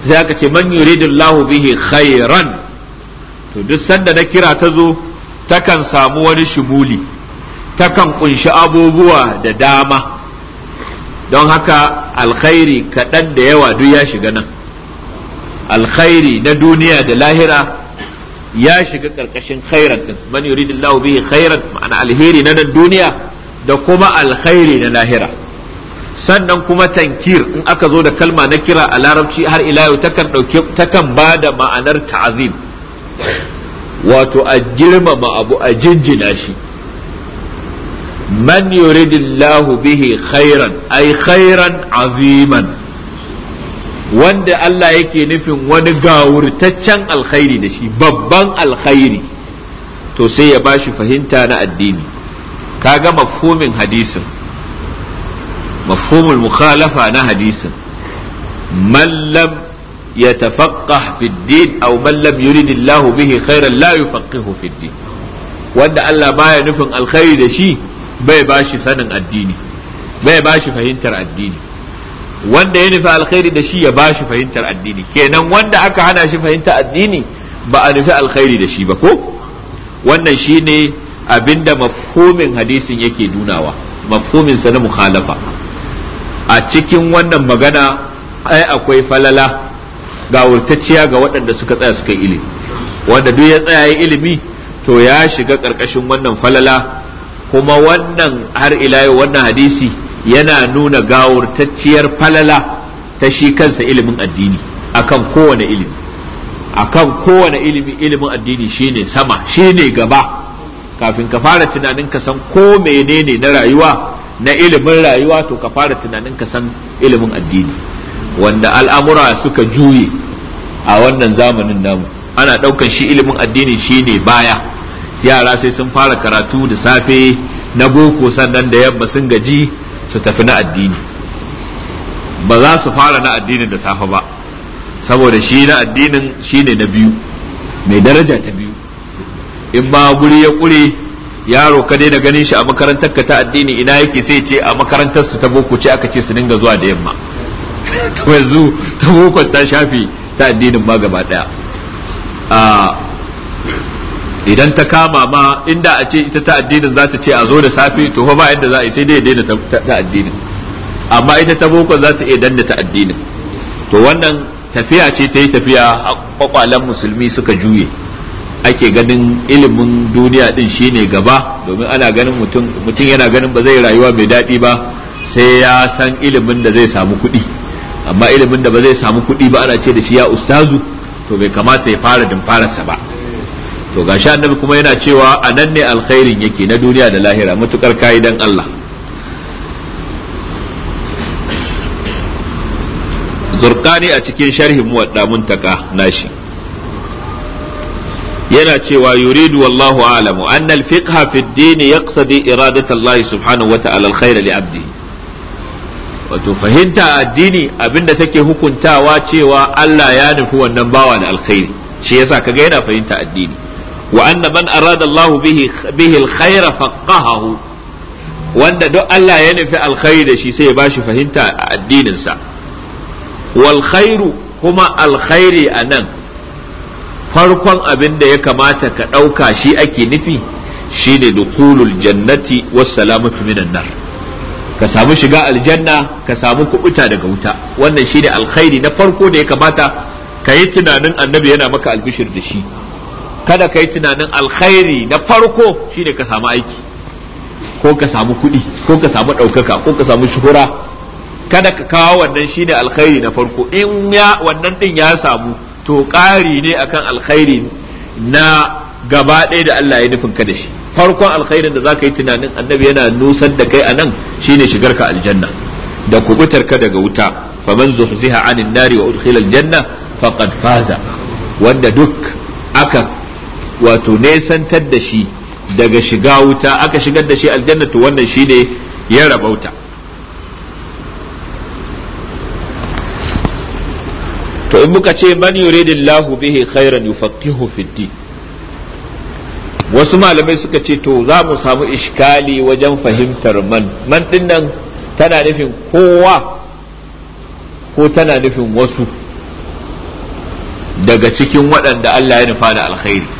sai aka ce man yuridillahu bihi khairan to duk sanda na kira ta zo takan samu wani shimuli takan kunshi abubuwa da dama don haka alkhairi kaɗan da yawa duk ya shiga nan alkhairi na duniya da lahira ya shiga ƙarƙashin khairan din man yuridillahu bihi khairan ma'ana alheri na nan duniya da kuma alkhairi na lahira sannan kuma tankir in aka zo da kalma na kira a larabci har ila yau takan dauke takan bada ma'anar ta'azim wato a girmama abu a jinjina shi man yuridillahu bihi khairan ay khairan aziman wanda Allah yake nufin wani gawurtaccen alkhairi da shi babban alkhairi to sai ya bashi fahimta na addini kaga mafhumin hadisin mafhumul mukhalafa na hadisin Mallam ya يتفقه في الدين Mallam من لم يرد الله به خيرا wanda Allah baya nufin alkhairi da shi bai bashi sanin addini bai bashi fahimtar addini wanda ya nufi alkhairi da shi ya bashi fahimtar addini kenan wanda aka hana shi fahimtar addini ba a nufi alkhairi da shi ba ko wannan shi shine abinda mafhumin hadisin yake nunawa mafhumin sa na mukhalafa a cikin wannan magana ai akwai falala ga wurtacciya ga waɗanda suka tsaya suka yi ilimi wanda duk ya tsaya ya yi ilimi to ya shiga ƙarƙashin wannan falala kuma wannan har ila yau wannan hadisi yana nuna gawurtacciyar falala ta shi kansa ilimin addini akan kowane ilimi akan kowane ilimi ilimin addini shine sama shine gaba kafin ka fara tunanin ka san ko menene na rayuwa na ilimin rayuwa to ka fara tunanin ka san ilimin addini wanda al'amura suka juye a wannan zamanin namu ana ɗaukan shi ilimin addini shine baya yara sai sun fara karatu da safe na boko sannan da yamma sun gaji su tafi na addini ba za su fara na addinin da safe ba saboda shi na addinin shi ne na biyu mai daraja ta biyu in ba guri ya kure yaro ka daina ganin shi a makarantar ka ta addini ina yake sai ce a makarantar su ta boko ce aka ce su dinga zuwa da yamma to yanzu ta boko ta shafi ta addinin ma gaba daya ah, idan ta kama ma inda a ce ita ta addinin za ta ce a zo da safe to fa ba yadda za a yi sai dai daina ta addinin amma ita ta boko za ta iya danna ta addinin to wannan tafiya ce ta yi tafiya a kwakwalen musulmi suka juye ake ganin ilimin duniya din shine gaba domin ana ganin mutum mutum yana ganin ba zai rayuwa mai daɗi ba sai ya san ilimin da zai samu kuɗi amma ilimin da ba zai samu kuɗi ba ana ce da shi ya ustazu to bai kamata ya fara dimfararsa ba to gashi annabi kuma yana cewa a nan ne alkhairin yake na duniya da lahira matukar kayi dan Allah zurkani a cikin sharhin muwadda muntaka nashi yana cewa yuridu wallahu a'lamu anna al-fiqha fi ad-din yaqtadi iradat Allah subhanahu wa ta'ala al li wato fahimta addini abinda take hukuntawa cewa Allah ya nufi wannan bawa da alkhairi shi yasa kaga yana fahimta addini wa anna man arada Allah bihi bihi alkhaira faqahahu wanda duk Allah ya nufi alkhairi da shi sai ya shi fahimta a addinin sa wal kuma alkhairi anan farkon abin da ya kamata ka ɗauka shi ake nufi shine dukhulul jannati wassalamatu minan nar ka samu shiga aljanna ka samu kubuta daga wuta wannan shine alkhairi na farko da ya kamata ka yi tunanin annabi yana maka albishir da shi kada ka yi tunanin alkhairi na farko shine ka samu aiki ko ka samu kuɗi ko ka samu ɗaukaka ko ka samu shuhura kada ka kawo wannan shine alkhairi na farko in ya wannan ɗin ya samu to ƙari ne akan alkhairi na gaba ɗaya da Allah ya nufin ka da shi farkon alkhairin da zaka yi tunanin annabi yana nusar da kai anan shine shigar ka aljanna da kubutar ka daga wuta faman zuhziha anin nari wa udkhila aljanna faqad faza wanda duk aka wato nesantar da shi daga shiga wuta aka shigar da shi aljanna to wannan ne ya rabauta to in muka ce man yuridillahu bihi khairan yufaqihu fid din wasu malamai suka ce to za mu samu iskali wajen fahimtar man man din nan tana nufin kowa ko tana nufin wasu daga cikin waɗanda Allah ya nufa da alkhairi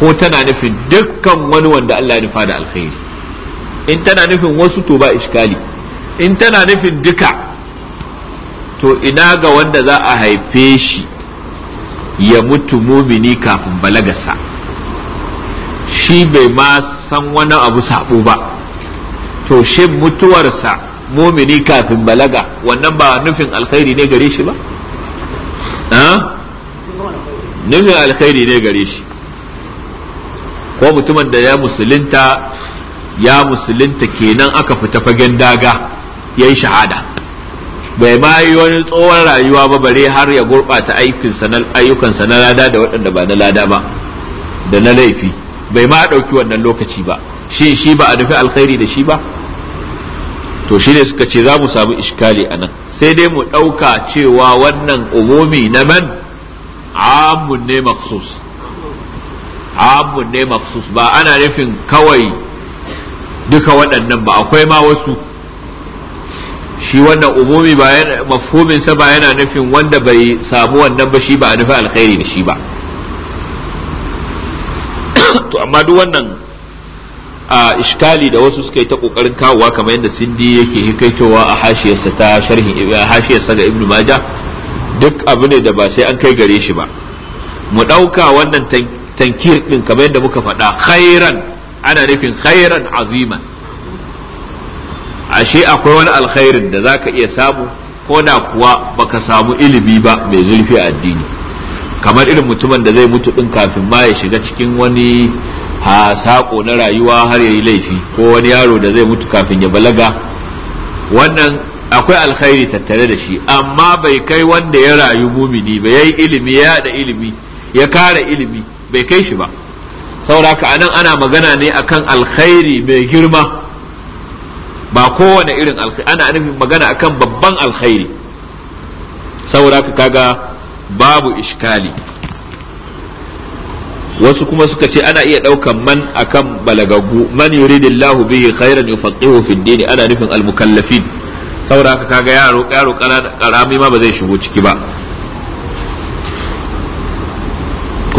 ko tana nufin dukkan wani wanda Allah ya nufa da alkhairi in tana nufin wasu to ba iskali in tana nufin duka to ina ga wanda za a haife shi ya mutu mumini kafin balagarsa shi bai ma san wani abu sabo ba to shin mutuwarsa mumini kafin balaga wannan ba nufin alkhairi ne gare shi ba nufin alkhairi ne gare shi ko mutumin da ya musulunta ya musulunta kenan aka fita fagen daga ya yi shahada bai ma wani tsohon rayuwa ba bare har ya gurɓata ayyukansa na lada da waɗanda ba na lada ba da na laifi bai ma ɗauki wannan lokaci ba shi shi ba a nufi alkhairi da shi ba to shi ne suka ce za mu samu iskali a nan sai dai mu ɗauka cewa wannan umumi na man amun ne maksus Abu ne maksus ba ana nufin kawai duka waɗannan ba akwai ma wasu shi wannan umumi ba mafhuminsa ba yana nufin wanda bai samu wannan ba shi ba a nufi alkhairi da shi ba to amma duk wannan a iskali da wasu suka yi ta kokarin kawowa kamar yadda sindi yake hikaitowa a hashiyarsa ta sharhin hashiyarsa ga ibnu maja duk abu ne da ba sai an kai gare shi ba mu ɗauka wannan tankir ɗin kamar yadda muka faɗa khairan ana nufin khairan aziman ashe akwai wani alkhairin da zaka iya samu ko da kuwa baka samu ilimi ba mai zurfi a addini kamar irin mutumin da zai mutu din kafin ma ya shiga cikin wani ha sako na rayuwa har yayi laifi ko wani yaro da zai mutu kafin ya balaga wannan akwai alkhairi tattare da shi amma bai kai wanda ya rayu mumini ba yayi ilimi ya da ilimi ya kare ilimi bai kai shi ba saboda ka anan ana magana ne akan alkhairi mai girma ba kowane irin alkhairi ana nufin magana akan babban alkhairi saboda ka kaga babu ishkali wasu kuma suka ce ana iya ɗaukan man akan balagaggu man yuridillahu bihi khairan yufaqihu fid dini ana nufin almukallafin saboda kaga yaro yaro karami ma ba zai shigo ciki ba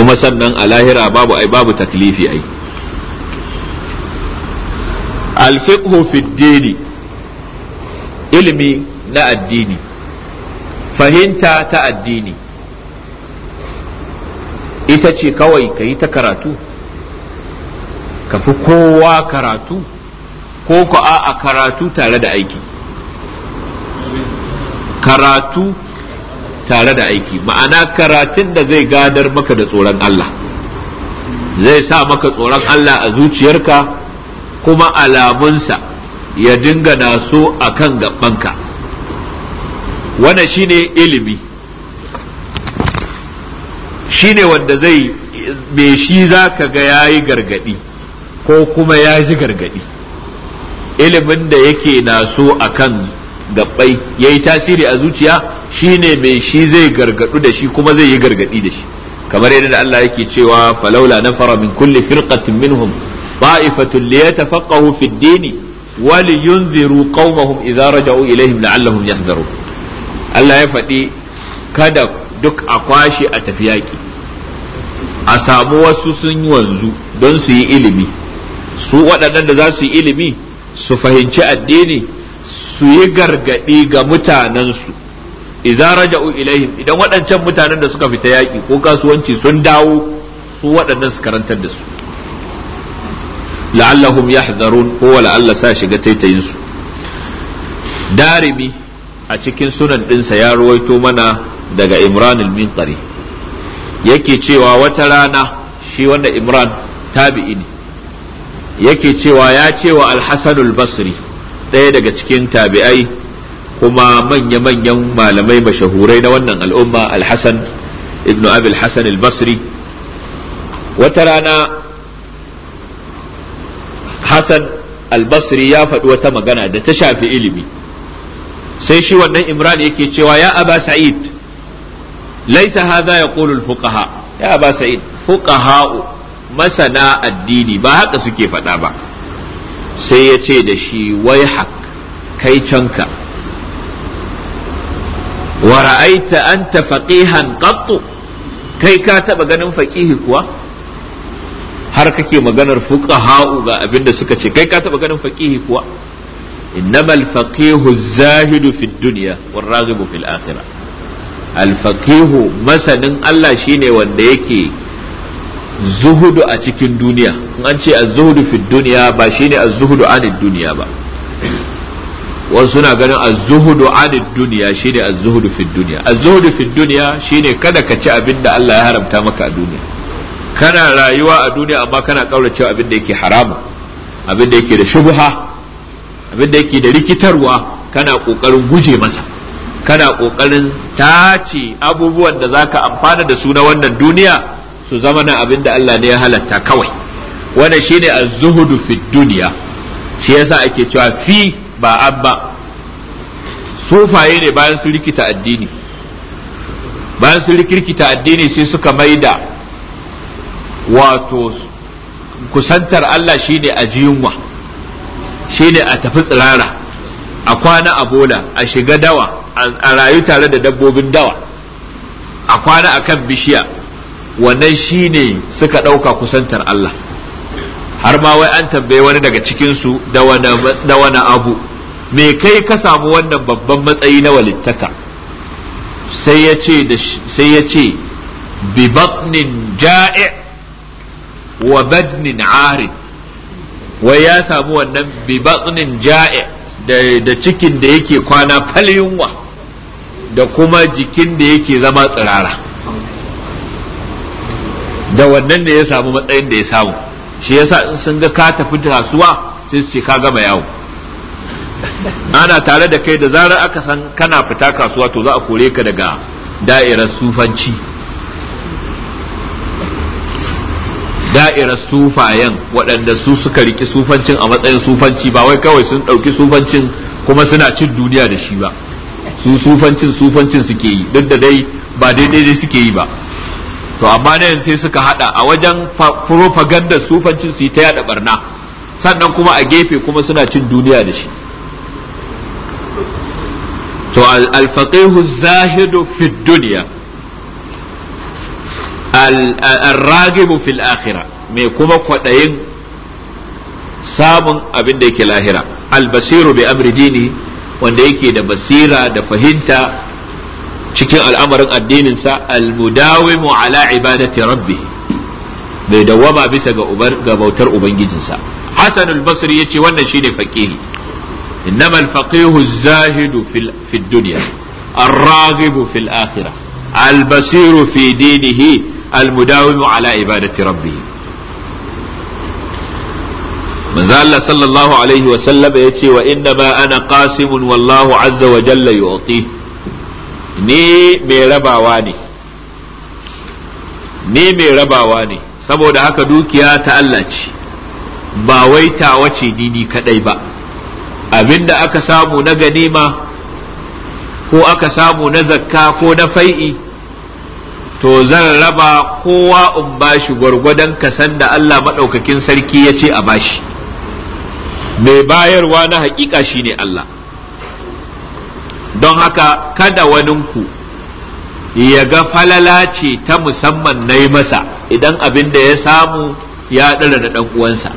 kuma sannan a lahira babu ai babu taklifi ai alfiqhu fi dini ilimi na addini fahimta ta addini ita ce kawai ka yi ta karatu ka fi kowa karatu ko ku a karatu tare da aiki karatu tare da aiki ma'ana karatun da zai gadar maka da tsoron Allah zai sa maka tsoron Allah a zuciyarka kuma alamunsa ya dinga naso a kan gabanka wannan shine ilimi shine wanda zai me shi za ka ga ya yi gargadi ko kuma ya ji gargadi ilimin da yake naso a kan gabai ya yi tasiri a zuciya Shi ne mai shi zai gargadu da shi kuma zai yi gargadi da shi kamar yadda Allah yake cewa falaula na min kulli firqatin minhum ta'ifatun liyatafaqahu fid dini wa liyunziru qaumahum idza raja'u la'allahum Allah ya faɗi kada duk a kwashi a tafi yaƙi a samu wasu sun yi wanzu don su yi ilimi su waɗannan da za su yi ilimi su fahimci addini su yi gargaɗi ga mutanensu idza raja'u ilaihim idan waɗancan mutanen da suka fita yaƙi ko kasuwanci sun dawo su waɗannan su karantar da su la'allahum yahzarun ko la'alla sa shiga taitayin su darimi a cikin sunan ɗinsa ya ruwaito mana daga imran al-mintari yake cewa wata rana shi wanda imran tabi'i ne yake cewa ya cewa al-hasan al-basri ɗaya daga cikin tabi'ai kuma manya-manyan malamai mashahurai na wannan al'umma alhassan ibn abil hassan al-basri wata rana hassan al-basri ya faɗi wata magana da ta shafi ilimi sai shi wannan imran yake cewa ya aba sa'id laisa hadha ya al-fuqaha ya aba sa'id fuqaha masana addini ba haka suke faɗa ba sai ya ce da shi wai hak kai canka wa ra'aita anta faqihan qattu kai ka taba ganin faqihi kuwa har kake maganar fuqaha'u ga abinda suka ce kai ka taba ganin faqihi kuwa innamal faqihu zahidu fid dunya war raghibu fil akhirah al masanin Allah shine wanda yake zuhudu a cikin duniya in an ce az-zuhudu fid dunya ba shine az-zuhudu anid dunya ba wasu na ganin az-zuhdu anid dunya shine az-zuhdu fi dunya az-zuhdu fi dunya shine kada ka ci abin da Allah ya haramta maka a duniya kana rayuwa a duniya amma kana kauracewa abin da yake haramu abin da yake da shubha abin da yake da rikitarwa kana kokarin guje masa kana kokarin tace abubuwan da zaka amfana da su na wannan duniya su zama na abin da Allah ne ya halatta kawai wannan shine az-zuhdu fi dunya shi yasa ake cewa fi ba abba sufaye ne bayan su rikita addini bayan su rikirkita addini sai suka maida wato kusantar Allah shine a jiyunwa shine a tafi tsirara a kwana a bola a shiga dawa a rayu tare da dabbobin dawa a kwana a kan bishiya wannan shine suka ɗauka kusantar Allah har ma wai an tambaye wani daga cikinsu da wani abu me kai ka samu wannan babban matsayi na walittaka sai ya ce sai ya bi batnin ja'i wa badnin arid wai ya samu wannan bi batnin ja'i da cikin da yake kwana falyunwa da kuma jikin da yake zama tsirara da wannan ne ya samu matsayin da ya samu shi yasa in sun ga ka tafi kasuwa sai su ce ka gama yawo ana tare da kai da zarar aka san kana fita kasuwa to za a kore ka daga da'irar sufanci da'irar sufayen waɗanda su suka riki sufancin a matsayin sufanci ba wai kawai sun ɗauki sufancin kuma suna cin duniya da shi ba su sufancin sufancin suke yi duk da dai ba daidai dai suke yi ba to amma yanzu sai suka hada a wajen propaganda sufancin su yi ta yada barna sannan kuma a gefe kuma suna cin duniya da shi to al zahidu fi dunya al-ragibu fil akhirah mai kuma kwaɗayin samun abin da yake lahira Albasiru bi amri dini wanda yake da basira da fahimta cikin al'amarin addininsa al-mudawimu ala ibadati rabbi Mai dawwama bisa ga bautar ubangijinsa hasan al-basri yace wannan shine faqihi إنما الفقيه الزاهد في الدنيا الراغب في الآخرة البصير في دينه المداوم على عبادة ربه من الله صلى الله عليه وسلم يتي وإنما أنا قاسم والله عز وجل يعطيه ni mai rabawa ne ni mai rabawa ne saboda haka dukiya ta Allah ce ba wai tawa ce ni ni kadai ba Abin da aka samu na ganima ko aka samu na zakka ko na fai'i to zan raba kowa in bashi gwargwadon kasan da Allah maɗaukakin sarki ya ce a bashi mai bayarwa na hakika shine Allah don haka kada waninku ya ga falala ce ta musamman na yi masa idan abin da ya samu ya ɗara da ɗan uwansa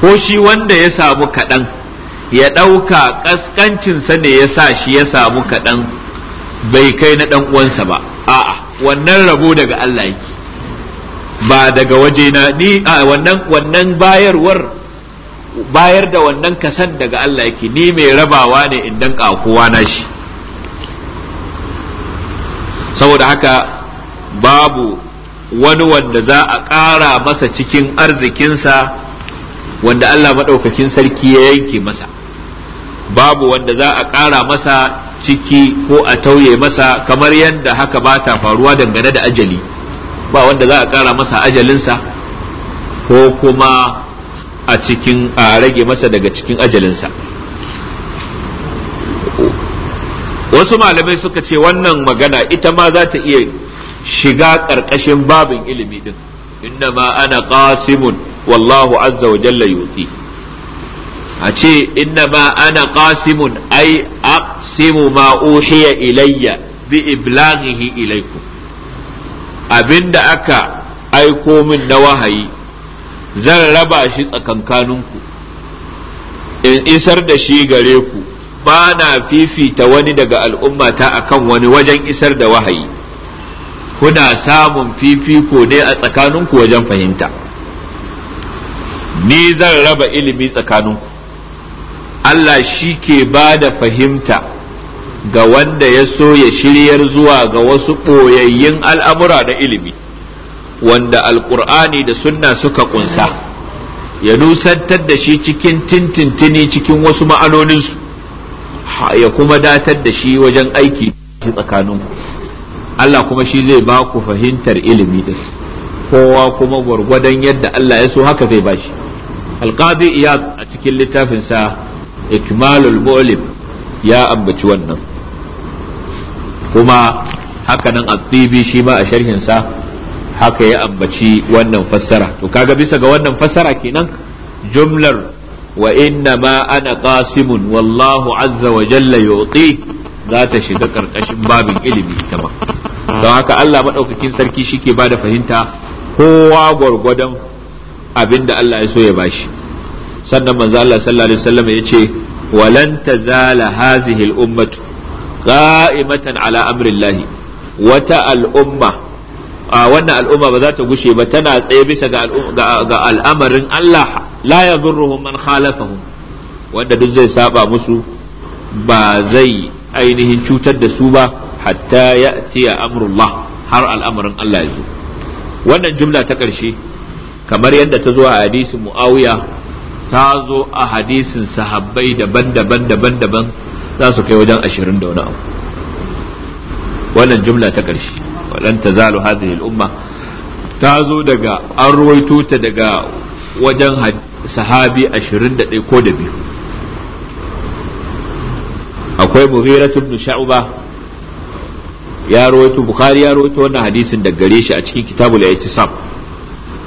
ko shi wanda ya samu kaɗan ya ɗauka ƙasƙancinsa ne ya sa shi ya samu kaɗan bai kai na ɗan uwansa ba a'a wannan rabo daga Allah yake ba daga waje na ni a wannan bayarwar bayar da wannan kasan daga Allah yake ni mai rabawa ne in danka kowa na shi saboda haka babu wani wanda za a ƙara masa cikin arzikinsa wanda Allah maɗaukakin sarki ya yanke masa babu wanda za a ƙara masa ciki ko a tauye masa kamar yadda haka ba ta faruwa dangane da ajali ba wanda za a ƙara masa ajalinsa ko kuma a cikin a rage masa daga cikin ajalinsa wasu malamai suka ce wannan magana ita ma za ta iya shiga ƙarƙashin babin ilimi din inda ma ana ƙasimun wallahu azza wa jalla yuti a ce inna ma ana qasimun ai aqsimu ma uhiya ilayya bi iblaghihi ilaykum abinda aka aiko min na wahayi zan raba shi tsakankaninku in isar da shi gare ku ba na fifita wani daga al'ummata akan wani wajen isar da wahayi kuna samun fifiko ne a tsakaninku wajen fahimta ni zan raba ilimi tsakaninku Allah shi ke ba da fahimta ga wanda ya so ya shiryar zuwa ga wasu ɓoyayyun al'amura da ilimi wanda alƙur'ani da sunna suka ƙunsa ya nusantar da shi cikin tintintini cikin wasu ma'anoninsu ya kuma datar da shi wajen aiki tsakaninku Allah kuma shi zai ba ku fahimtar ilimi din kowa kuma gwargwadon yadda Allah ya so haka zai ba shi alƙadi iya a cikin littafinsa ikmalul mu'lim ya ambaci wannan kuma hakanan a tibi shi ma a sharhin sa haka ya ambaci wannan fassara to kaga bisa ga wannan fassara kenan jumlar wa inna ma ana qasimun wallahu azza wa jalla yu'ti za ta shiga karkashin babin ilimi ita ma don haka Allah madaukakin sarki shike bada fahimta kowa gwargwadon abinda Allah ya so ya bashi sannan manzo Allah sallallahu alaihi wasallam ya ce walan tazala hadhihi al-ummatu qa'imatan ala amrillahi wata al'umma a wannan al'umma ba za ta gushe ba tana tsaye bisa ga al'amarin Allah la yadhurruhum man khalafahum wanda duk zai saba musu ba zai ainihin cutar da su ba hatta ya'tiya amrullah har al'amarin Allah ya zo wannan jumla ta ƙarshe kamar yadda ta zo a hadisi Muawiya ta zo a hadisin sahabbai daban-daban daban-daban za su kai wajen ashirin da wani abu wannan jumla ta ƙarshe waɗan ta zalu hadhihi al'umma ta zo daga an ruwaito ta daga wajen sahabi ashirin da ɗaya ko da biyu akwai mughiratu ibn sha'uba ya ruwaito bukhari ya ruwaito wannan hadisin daga gare shi a cikin kitabul i'tisab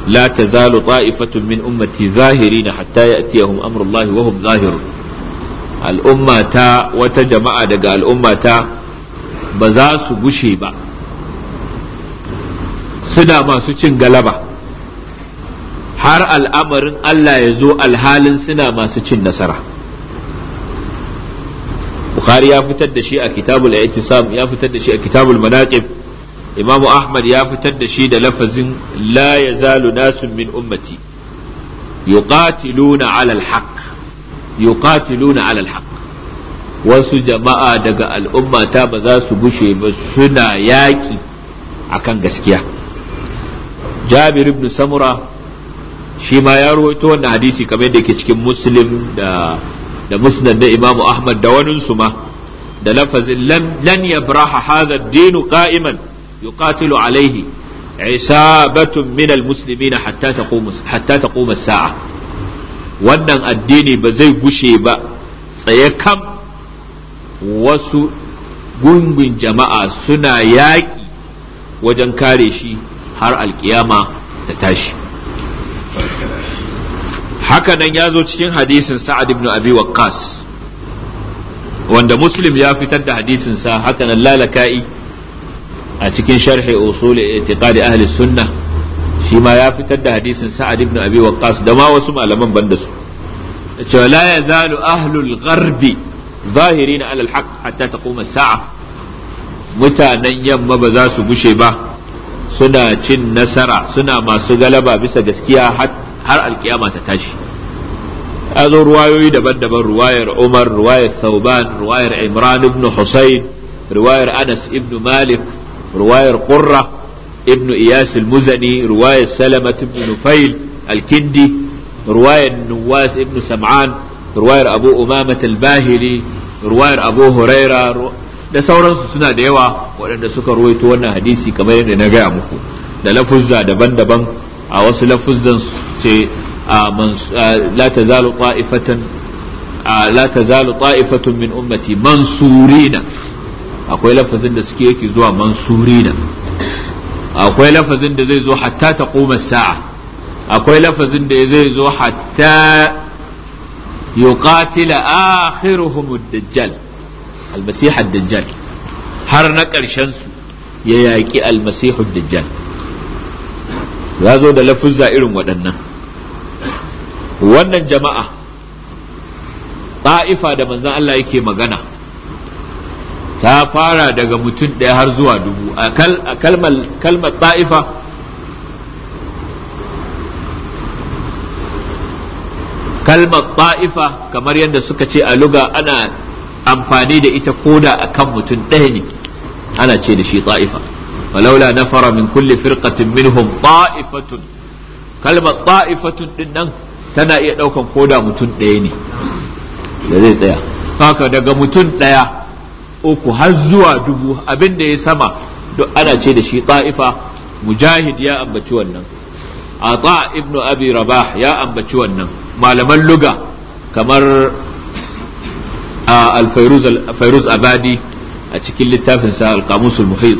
la tazalu ta'ifatun min ummati zahirina hatta ya'tiyahum amrullahi wa hum zahirun al'umma wata jama'a daga al'ummata ta ba za su bushe ba suna masu cin galaba har al'amarin Allah ya zo alhalin suna masu cin nasara Bukhari ya fitar da shi a kitabul i'tisam ya fitar da shi a kitabul manaqib imamu ahmad ya fitar da shi da lafazin la yazalu nasun min ummati yuqatiluna ala alhaq yuqatiluna ala alhaq wasu jama'a daga ta ba za su gushe ba suna yaƙi akan gaskiya jabir ibn samura shi ma ya rawaito wannan hadisi kamar yadda ke cikin muslim da da musnad da ahmad da waninsu ma da lafazin lan yabraha hadha ad-din qa'iman yuqatilu alaihi isabatun min almuslimina hatta taqum hatta taqum as wannan addini ba zai gushe ba tsaye kam wasu gungun jama'a suna yaƙi wajen kare shi har alƙiyama ta tashi hakanan ya zo cikin hadisin sa'ad ibn abi waqqas wanda muslim ya fitar da hadisin sa hakanan lalaka'i a cikin sharhi usul i'tiqadi ahli sunnah shi ma ya fitar da hadisin sa'ad ibn abi waqqas da ma wasu malaman banda su cewa la yazalu ahlul gharbi zahirina ala alhaq hatta taquma sa'a mutanen yamma ba za su gushe ba suna cin nasara suna masu galaba bisa gaskiya har alkiyama ta tashi ya zo ruwayoyi daban-daban ruwayar umar ruwayar thauban ruwayar imran ibn husayn ruwayar anas ibn malik ruwayar qurra Ibnu iyas al ruwayar salamat ibn nufail al ruwayar nuwas Ibnu sam'an ruwayar abu umamat al ruwayar abu huraira da sauransu suna da yawa waɗanda suka ruwaito wannan hadisi kamar yadda na gaya muku da lafuzza daban-daban a wasu lafuzzan ce la tazalu ta'ifatan la tazalu ta'ifatun min ummati mansurina akwai lafazin da suke yake zuwa mansurina akwai lafazin da zai zo hatta ta koma sa'a akwai lafazin da zai zo hatta yuqatila akhiruhum ad-dajjal al-masih ad-dajjal har na ƙarshen su ya yaƙi al-masih ad-dajjal ya zo da lafuzza irin waɗannan wannan jama'a ta'ifa da manzon Allah yake magana ta fara daga mutum ɗaya har zuwa dubu a kalmar ta'ifa kalmar ta'ifa kamar yadda suka ce a luga ana amfani da ita koda a kan mutum ɗaya ne ana ce da shi ta'ifa falaula na fara min kulle firkatin minhum ta'ifatun kalmar ta'ifatun ɗin nan tana iya ɗaukan koda mutum ɗaya ne da zai tsaya haka daga mutum ɗaya uku har zuwa dubu abin da ya sama duk ana ce da shi ta'ifa mujahid ya ambaci wannan ata ibnu abi rabah ya ambaci wannan malaman luga kamar al fayruz abadi a cikin littafinsa al-qamusul muhit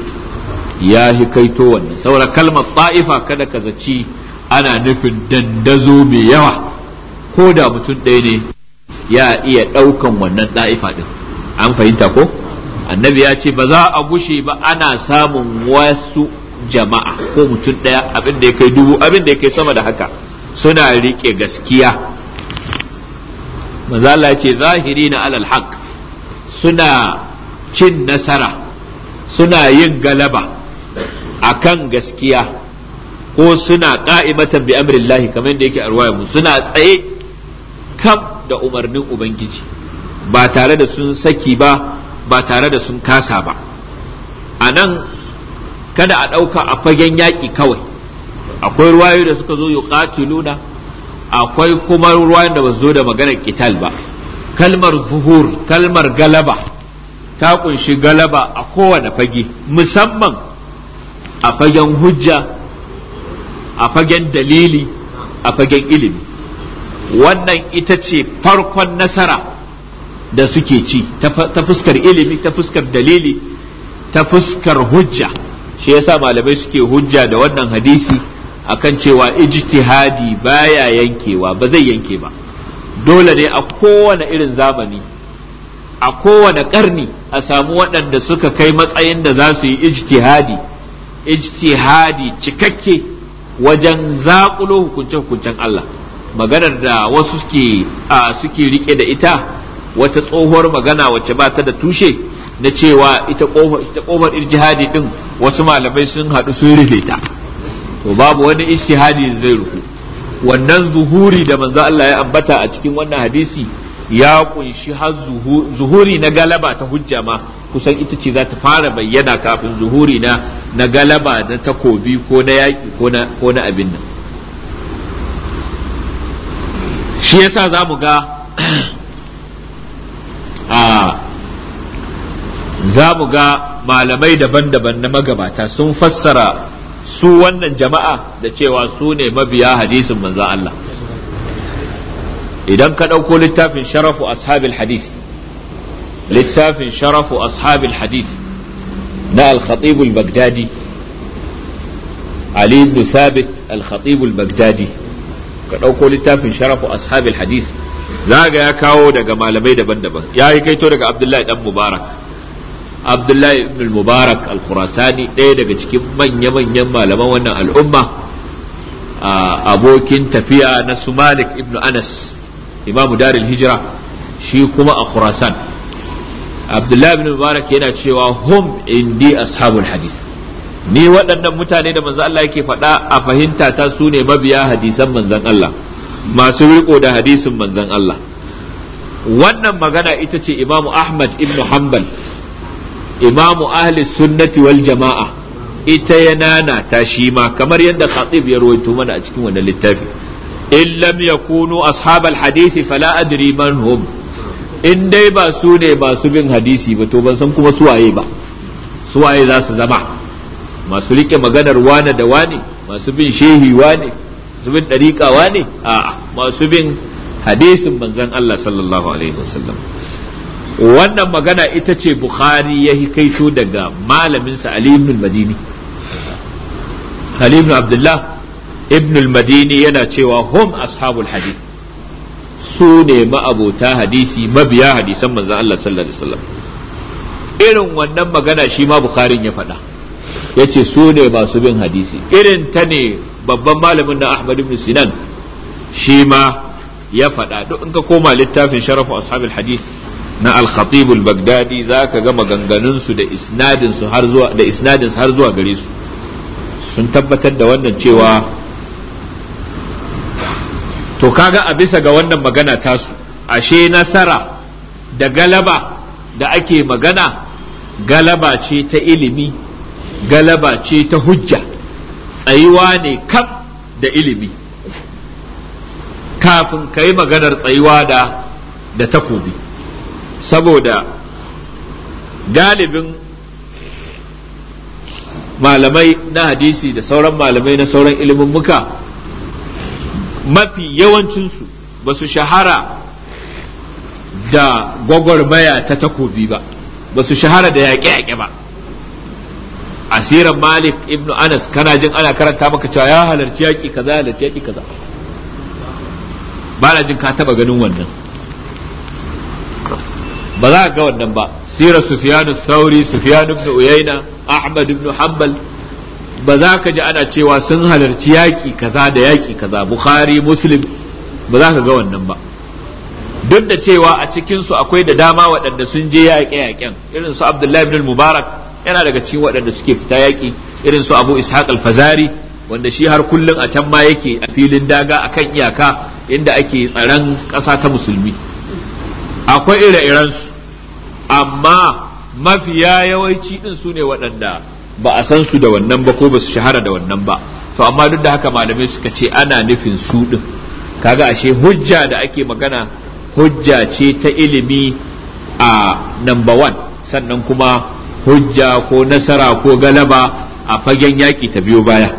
ya hikaito wannan saboda kalmar ta'ifa kada ka zaci ana nufin dandazo mai yawa ko da mutum ɗaya ne ya iya ɗaukan wannan ɗa'ifa ɗin an fahimta ko annabi ya ce ba za a gushe ba ana samun wasu jama'a ko mutum ɗaya abin da ya kai dubu abin da ya kai sama da haka suna riƙe gaskiya mazala ce zahiri na alal haq suna cin nasara suna yin galaba a kan gaskiya ko suna ƙa'imatan bi lahi kamar da yake arwaye mu suna tsaye kam da umarnin ubangiji ba tare da sun saki ba ba tare da sun kasa ba a nan kada a ɗauka a fagen yaƙi kawai akwai ruwayoyi da suka zo nuna akwai kuma ruwayoyin da ba zo da maganar kital ba kalmar zuhur kalmar galaba ta kunshi galaba a kowane fage musamman a fagen hujja a fagen dalili a fagen ilimi wannan ita ce farkon nasara da suke ci ta fuskar ilimi ta fuskar dalili ta fuskar hujja shi yasa malamai suke hujja da wannan hadisi akan cewa ijtihadi baya yankewa ba zai yanke ba dole ne a kowane irin zamani a kowane karni a samu waɗanda suka kai matsayin da za su yi ijtihadi ijtihadi cikakke wajen zaƙulo hukunce-hukuncen Allah maganar da wasu a suke rike da ita wata tsohuwar magana wacce ba ta da tushe na cewa ita kofar irjihadi din wasu malamai sun haɗu sun rufe ta to babu wani ijtihadi zai rufu wannan zuhuri da manzo Allah ya ambata a cikin wannan hadisi ya kunshi har zuhuri na galaba ta hujja ma kusan ita ce za ta fara bayyana kafin zuhuri na na galaba na takobi ko na yaƙi ko na abin nan shi yasa za mu ga za mu ga malamai daban-daban na magabata sun fassara su wannan jama'a da cewa su ne mabiya hadisin manzan Allah idan ka ɗauko littafin sharafu ashabil hadis littafin sharafu ashabil hadis na al-khatibul bagdadi ali ibn sabit al bagdadi ka ɗauko littafin sharafu ashabil hadis za ga ya kawo daga malamai daban-daban ya yi kaito daga abdullahi dan mubarak abdullahi ibn mubarak al-khurasani ɗaya daga cikin manya-manyan malaman wannan al'umma abokin tafiya na su malik ibn anas imamu daril hijira shi kuma a khurasan abdullahi ibn mubarak yana cewa hum indi ashabul hadith ni waɗannan mutane da manzo Allah yake faɗa a fahimta ta su ne mabiya hadisan manzon Allah masu riko da hadisin manzon Allah wannan magana ita ce imamu Ahmad ibn Hanbal imamu ahli sunnati wal jama'a ita ya nana ta shi ma kamar yadda khatib ya rawaito mana a cikin wannan littafi in lam yakunu ashabal hadisi fala adri man hum in dai ba su ne masu bin hadisi ba to ban san kuma suwaye ba suwaye za su zama masu rike maganar wane da wane masu bin shehi wane masu bin dariƙawa ne a'a masu bin hadisin manzan Allah sallallahu alaihi wasallam wannan magana ita ce bukhari ya kaito daga malaminsa ali ibn al-madini ali ibn abdullah ibn al-madini yana cewa hum ashabul hadith su ne ma'abota hadisi mabiya hadisan manzan Allah sallallahu alaihi wasallam irin wannan magana shi ma bukharin ya faɗa ya ce su ne masu bin hadisi irin ta ne babban malamin na Ahmad ibn Sinan shi ma ya faɗa duk in ka koma littafin sharafu ashabil hadith na al-khatib al-baghdadi zaka ga maganganun su da isnadin su har zuwa da isnadin su har zuwa gare su sun tabbatar da wannan cewa to kaga a bisa ga wannan magana tasu ashe nasara da galaba da ake magana galaba ce ta ilimi galaba ce ta hujja tsayuwa ne kam da ilimi kafin ka yi maganar tsayuwa da da takobi saboda galibin malamai na hadisi da sauran malamai na sauran ilimin muka mafi yawancinsu ba su shahara da gwagwarmaya ta takobi ba ba su shahara da yaƙe-yaƙe ba asiran malik ibn anas kana jin ana karanta maka cewa ya halarci yaki kaza halarci yaki kaza ba na jin ka taba ganin wannan ba za ka ga wannan ba sirar sufyanu sauri sufyan ibn uyaina ahmad ibn hanbal ba za ka ji ana cewa sun halarci yaƙi kaza da yaƙi kaza bukhari muslim ba za ka ga wannan ba duk da cewa a cikinsu akwai da dama waɗanda sun je yaƙe-yaƙen irin su abdullahi ibn mubarak yana daga cikin waɗanda suke fita yaƙi irin su abu ishaq al-fazari wanda shi har kullum a can ma yake a filin daga akan iyaka inda ake tsaron ƙasa ta musulmi akwai ire iren su amma mafiya yawanci din su ne waɗanda ba a san su da wannan ba ko ba su shahara da wannan ba to amma duk da haka malamai suka ce ana nufin su din kaga ashe hujja da ake magana hujja ce ta ilimi a number one sannan kuma hujja ko nasara ko galaba a fagen yaƙi ta biyo baya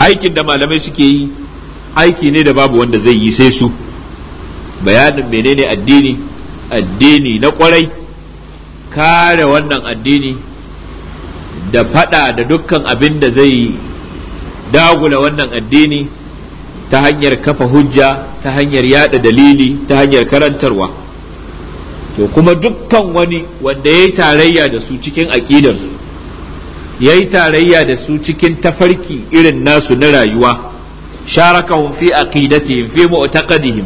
aikin da malamai suke yi aiki ne da babu wanda zai yi sai su bayanin menene addini addini na kwarai kare wannan addini da fada da dukkan abin da zai dagula wannan addini ta hanyar kafa hujja ta hanyar yada dalili ta hanyar karantarwa to kuma dukkan wani wanda ya yi tarayya da su cikin aƙidarsu ya yi tarayya da su cikin tafarki irin nasu na rayuwa sharakahum fi aqidatihim fi mu'taqadihim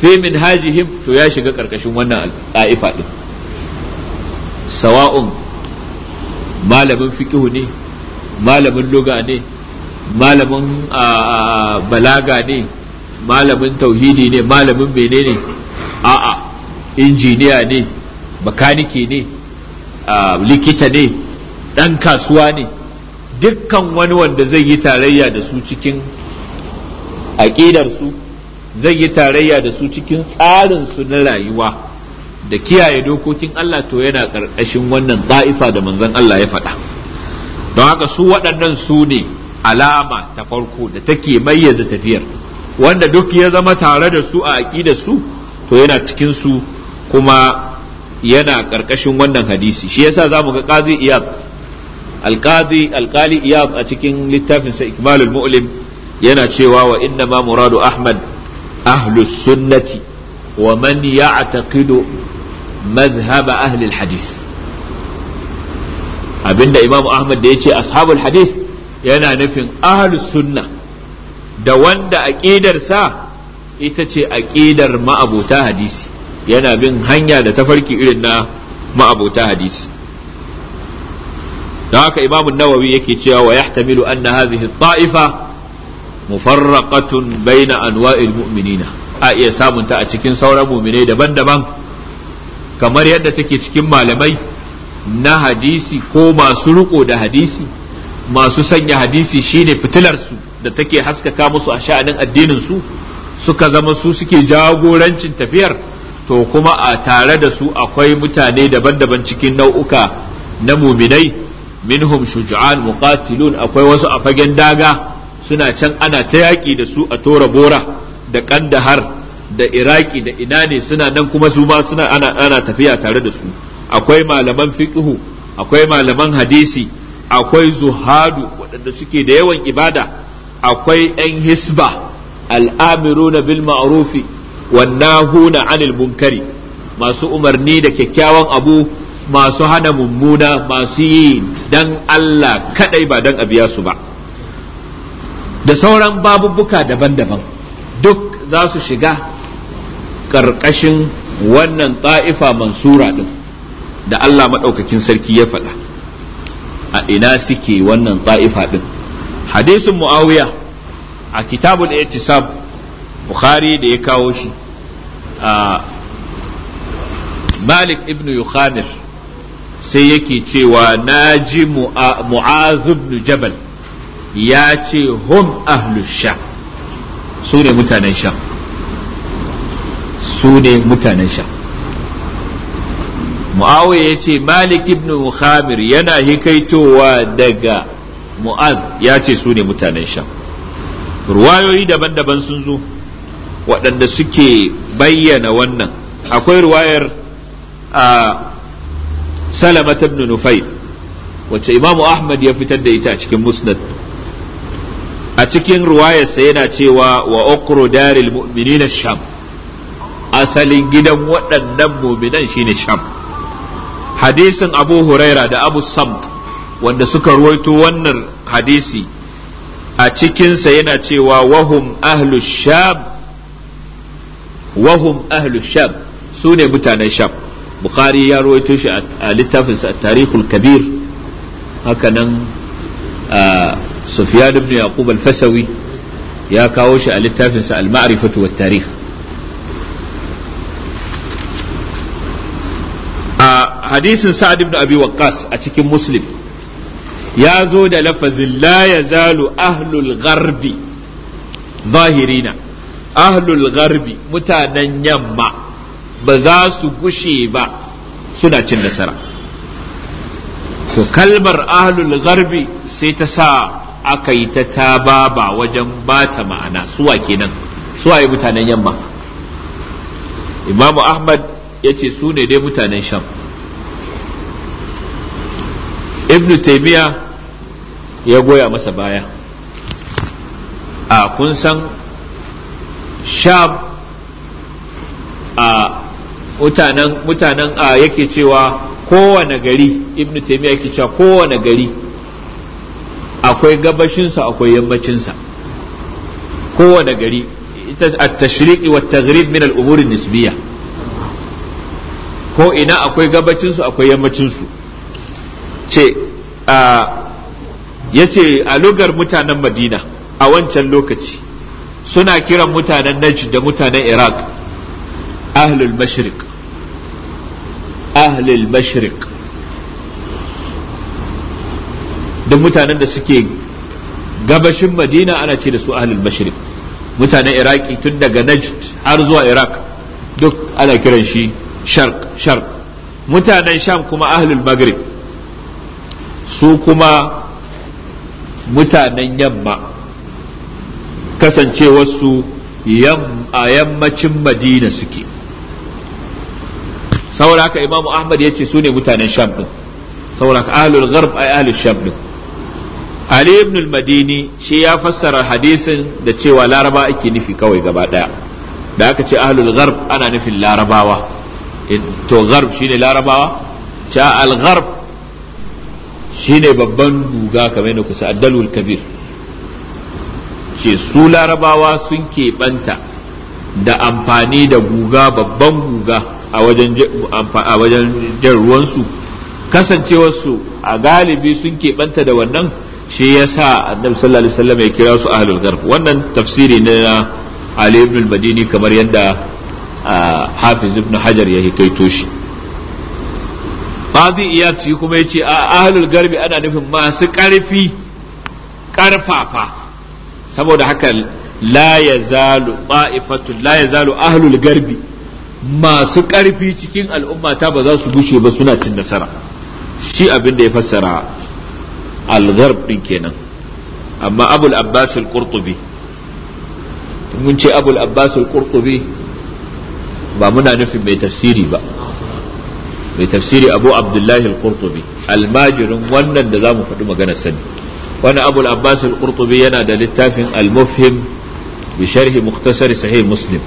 fi minhajihim to ya shiga karkashin wannan ƙa'ifa din sawa'un malamin fiqhu ne malamin luga ne malamin balaga ne malamin tauhidi ne malamin menene a'a injiniya ne bakanike ne likita ne ɗan kasuwa ne dukkan wani wanda zai yi tarayya da su cikin aƙidarsu zai yi tarayya da su cikin tsarinsu na rayuwa da kiyaye dokokin Allah to yana ƙarƙashin wannan ɗa'ifa da manzon Allah ya faɗa don haka su waɗannan su ne alama ta farko da take mayyaza tafiyar wanda duk ya zama tare da su a aƙidar to yana cikin su kuma yana ƙarƙashin wannan hadisi shi yasa za mu ga ƙazi iyab alƙazi alƙali iyab a cikin littafinsa ikmalul mu'lim yana cewa wa inna ma muradu ahmad ahlus sunnati wa man ya'taqidu madhhaba ahli hadis abinda imamu ahmad da yace ashabul hadis yana nufin ahlus sunna da wanda sa ita ce aqidar ma'abuta hadisi yana bin hanya da tafarki irin na ma'abota hadisi da haka imamu nawawi yake cewa wa yahtamilu na hazihi ta'ifa mufarraqatun baina anwa'il mu'minina a iya samun ta a cikin sauran mu'minai daban-daban kamar yadda take cikin malamai na hadisi ko masu riko da hadisi masu sanya hadisi shine fitilarsu da take haskaka musu a sha'anin addinin su suka zama su suke jagorancin tafiyar to kuma a tare da su akwai mutane daban-daban cikin nau'uka na muminai minhum shuja'an muqatilun akwai wasu a fagen daga suna can ana ta yaƙi da su a tora bora da kandahar da iraki da ina ne suna nan kuma su ma suna ana, ana tafiya tare da su akwai malaman fiqhu akwai malaman hadisi akwai zuhadu waɗanda suke da yawan ibada akwai 'yan hisba na bil ma'rufi wannahuna anil munkari masu umarni da kyakkyawan abu masu hana mummuna masu yi dan Allah kadai ba dan abiya su ba da sauran babubuka daban-daban duk za su shiga ƙarƙashin wannan ta'ifa mansura din da Allah maɗaukakin sarki ya faɗa a ina suke wannan ta'ifa din hadisin mu'awiya a kitabul i'tisab bukhari da ya kawo shi malik ibn yukhamir sai yake cewa na ji mu'az ibn jabal ya ce hum ahlus sha mutanen sha su mutanen sha mu'awiya ya ce malik ibn yukhamir yana hikaitowa daga mu'az ya ce su mutanen sha ruwayoyi daban-daban sun zo waɗanda suke bayyana wannan akwai ruwayar a salama ibn nufai wacce imamu ahmad ya fitar da ita a cikin musnad a cikin ruwayarsa yana cewa wa okro daril na sham asalin gidan waɗannan muminan shine sham hadisin abu huraira da abu samt wanda suka ruwaito wannan hadisi a cikinsa yana cewa wahum ahlu sham wahum ahlu sham su ne mutanen sham bukhari ya ruwaito shi a littafinsa a tarihul kabir hakanan sufyan ibn yaqub fasawi ya kawo shi a littafinsa al-ma'rifatu wat tarikh a hadisin sa'ad ibn abi a cikin muslim ya zo da lafazin la yazalu ahlul gharbi zahirina ahlul garbi mutanen yamma ba za su gushe ba suna cin nasara to kalmar ahlul garbi sai ta sa aka yi ta ba wajen ba ta ma'ana suwa kenan yi mutanen yamma imamu ahmad ya ce su ne dai mutanen sham ibn taimiyya ya goya masa baya a kun san sham a mutanen mutanen a yake cewa kowane gari ibnu taymiya yake cewa kowane gari akwai gabashinsa akwai yammacinsa kowane gari ita at-tashriqi wa taghrib min al-umur nisbiyya ko ina akwai gabacinsu akwai yammacinsu ce a yace a lugar mutanen madina a wancan lokaci suna kiran mutanen najd da mutanen iraq ahlul mashriq ahlul mashriq da mutanen da suke gabashin madina ana ce da su ahlul mashriq mutanen iraki tun daga najd har zuwa iraq duk ana kiran shi sharq sharq mutanen sham kuma ahlul maghrib su kuma mutanen yamma kasancewarsu a yammacin madina suke saboda haka imamu ahmad ya ce su ne mutanen sham din saboda haka ahlul gharb ay ahlul sham din ali ibn al-madini shi ya fassara hadisin da cewa laraba ake nufi kawai gaba daya da aka ce ahlul gharb ana nufin larabawa to gharb shine larabawa cha al-gharb shine babban duga kamar yadda kusa addalul kabir ce su larabawa sun keɓanta da amfani da guga babban guga a wajen jan ruwansu kasancewarsu a galibi sun keɓanta da wannan shi ya sa annabi sallallahu alaihi wasallam ya kira su ahlul garb wannan tafsiri na Ali ibn al-Madini kamar yadda Hafiz ibn Hajar ya hikaito shi Qazi iya ci kuma yace a ahlul garbi ana nufin masu ƙarfi ƙarfafa saboda haka la yazalu ta'ifatu la yazalu ahlul garbi masu ƙarfi cikin al'ummata ba za su bushe ba suna cin nasara shi abin da ya fassara al din kenan amma abul abbas al-qurtubi mun ce abul abbas al-qurtubi ba muna nufin mai tafsiri ba mai tafsiri abu abdullahi al-qurtubi almajirin wannan da zamu faɗi maganar sani wani abul abbas al-qurtubi yana da littafin al-mufhim bi sharhi mukhtasar sahih muslim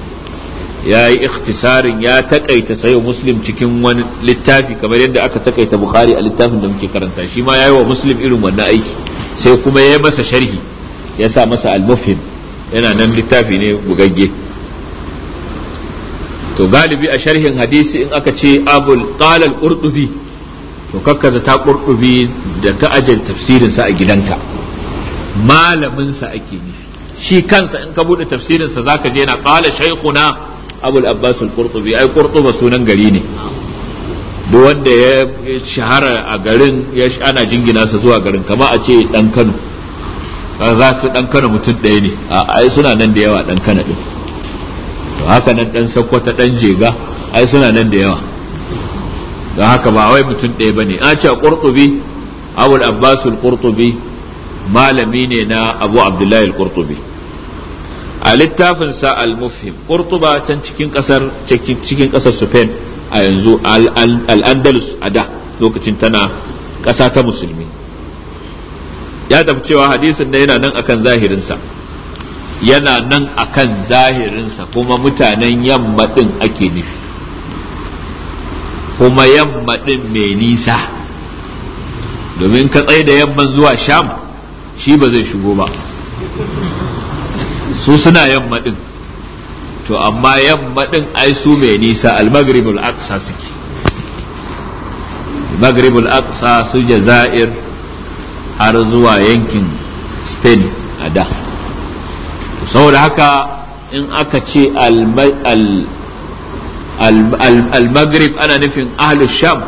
ya yi ikhtisarin ya takaita sayo muslim cikin wani littafi kamar yadda aka takaita bukhari a littafin da muke karanta shi ma ya yi wa muslim irin wannan aiki sai kuma ya yi masa sharhi ya sa masa almufhim yana nan littafi ne bugagge to galibi a sharhin hadisi in aka ce abul qalal qurtubi to kakkaza ta kurdubi da ta ajin tafsirin sa a gidanka malamin sa ake nufi shi kansa in ka bude tafsirin sa zaka je na qala shaykhuna abul abbas al-qurtubi ai qurtuba sunan gari ne duk wanda ya shahara a garin ya ana jingina sa zuwa garin kama a ce dan Kano za su dan Kano mutum ɗaya ne ai suna nan da yawa dan Kano din to haka nan dan Sokoto dan Jega ai suna nan da yawa don haka ba wai mutum ɗaya ba ne an ce qurtubi abul abbasul al malami ne na abu abdullahi al a littafin sa al-mufhim qurtuba can cikin kasar cikin ƙasar spain a yanzu al-andalus a da lokacin tana ƙasa ta musulmi ya tafi cewa hadisin da yana nan akan zahirinsa yana nan akan zahirinsa kuma mutanen yamma ɗin ake nufi kuma yamma ɗin mai nisa domin ka tsaye da yamman zuwa sham shi ba zai shigo ba su suna yamma ɗin to amma yamma ɗin ai su mai nisa almagribul aqsa suke magribul aqsa su jaza'ir har zuwa yankin spain a da saboda haka in aka ce al al-maghrib ana nufin ahlus sham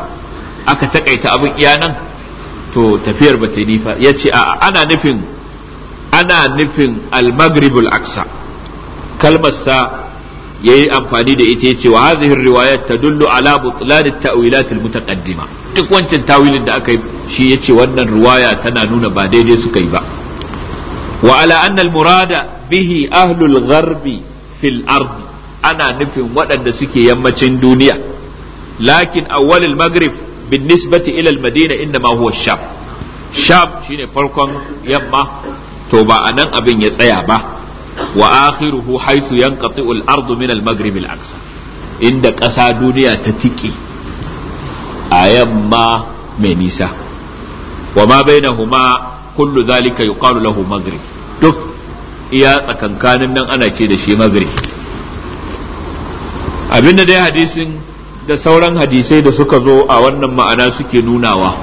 aka takaita abin iya nan to tafiyar ba ta yi nifa ya ce ana nufin ana nufin al Aksa. aqsa kalmarsa ya yi amfani da ita ya ce wa hadhihi riwayat tadullu ala butlan at-ta'wilat al duk wancan tawilin da aka yi shi ya ce wannan riwaya tana nuna ba daidai suka yi ba wa ala anna al-murada bihi ahlul gharbi fil ardi ana nufin waɗanda suke yammacin duniya lakin awwalul maghrib bin nisbati ila madina inda ma huwa sham sham shine farkon yamma to ba a nan abin ya tsaya ba wa akhiruhu haythu yanqati'u al-ardu min al-maghrib al-aqsa inda ƙasa duniya ta tiki a yamma mai nisa wa ma bainahuma kullu zalika yuqalu lahu maghrib duk iya tsakankanin nan ana ce da shi maghrib abinda dai hadisin da sauran hadisai da suka zo a wannan ma'ana suke nunawa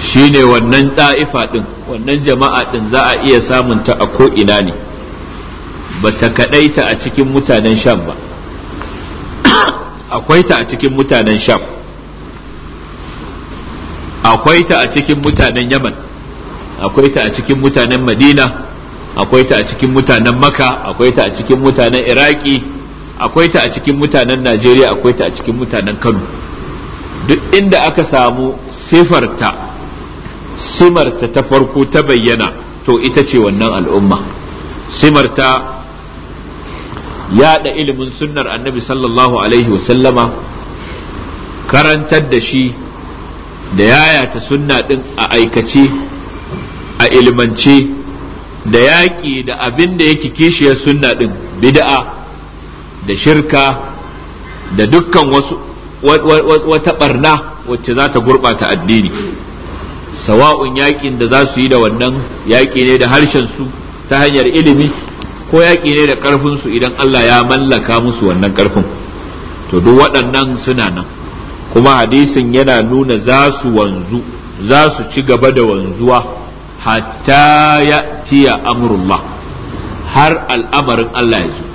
shine wannan ɗa'ifa ɗin wannan jama'a ɗin za a iya samunta a ko'ina ne ba ta kaɗaita a cikin mutanen sham ba akwai ta a cikin mutanen sham akwai ta a cikin mutanen yaman akwai ta a cikin mutanen madina akwai ta a cikin mutanen maka akwai ta a cikin mutanen iraki akwai ta a cikin mutanen najeriya akwai ta a cikin mutanen kano duk inda aka samu sifarta simarta ta farko ta bayyana to ita ce wannan al'umma simarta yaɗa ilimin sunnar annabi sallallahu alaihi wasallama karantar da shi da yayata sunna ɗin a aikace a ilimance da yaƙi da abin da yake kishiyar sunna ɗin bid'a da shirka da dukkan wasu wata barna wacce za ta gurɓata addini sawa'un yaƙin da za su yi da wannan yaƙi ne da harshen su ta hanyar ilimi ko yaƙi ne da ƙarfinsu idan Allah ya mallaka musu wannan ƙarfin to duk waɗannan suna nan kuma hadisin yana nuna za su wanzu za su ci gaba da wanzuwa hatta ya tiya amurullah har al'amarin Allah ya zo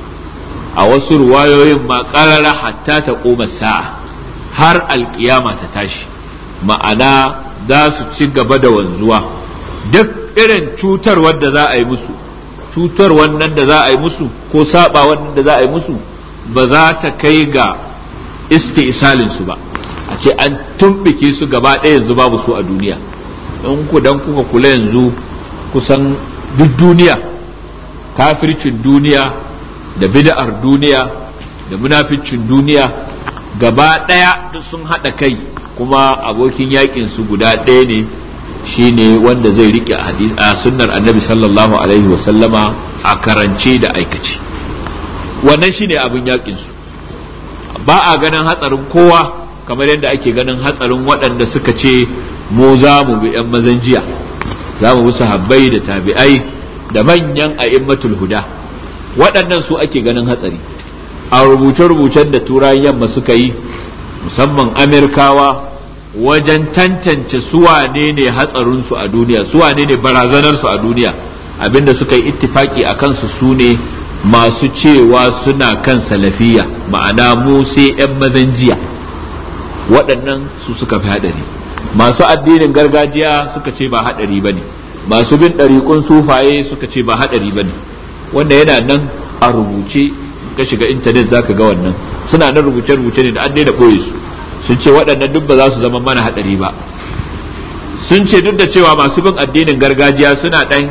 a wasu ruwayoyin ma qarara hatta ta koma sa'a har alkiyama ta tashi ma'ana za su ci gaba da wanzuwa duk irin cutar wanda za a yi musu cutar wannan da za a yi musu ko saba wannan da za a yi musu ba za ta kai ga isti'salin su ba a ce an tumbike su gaba ɗaya yanzu babu su a duniya in ku dan kuka kula yanzu kusan duk duniya kafircin duniya da bid'ar duniya da munaficcin duniya gaba ɗaya duk sun haɗa kai kuma abokin yakin su guda ɗaya ne shine wanda zai rike a sunnar annabi sallallahu alaihi wasallama a karance da aikace wannan shine abin yakin su ba a ganin hatsarin kowa kamar yadda ake ganin hatsarin waɗanda suka ce mu za mu bi 'yan mazan jiya za mu bi sahabbai da tabi'ai da manyan a'immatul huda waɗannan su ake ganin hatsari a rubuce-rubucen da turai yamma suka yi musamman amirkawa wajen tantance suwane ne hatsarinsu a duniya suwane ne barazanarsu a duniya abinda suka yi ittifaki a kansu su ne masu cewa suna kan salafiya ma'ana mu sai 'yan mazan jiya waɗannan su suka fi haɗari masu addinin gargajiya suka ce ba haɗari ba ne masu bin ɗariƙun sufaye suka ce ba haɗari ba ne wanda yana nan a rubuce ka shiga intanet za ka ga wannan suna nan rubuce rubuce ne da an daina boye su sun ce waɗannan duk ba za su zama mana haɗari ba sun ce duk da cewa masu bin addinin gargajiya suna ɗan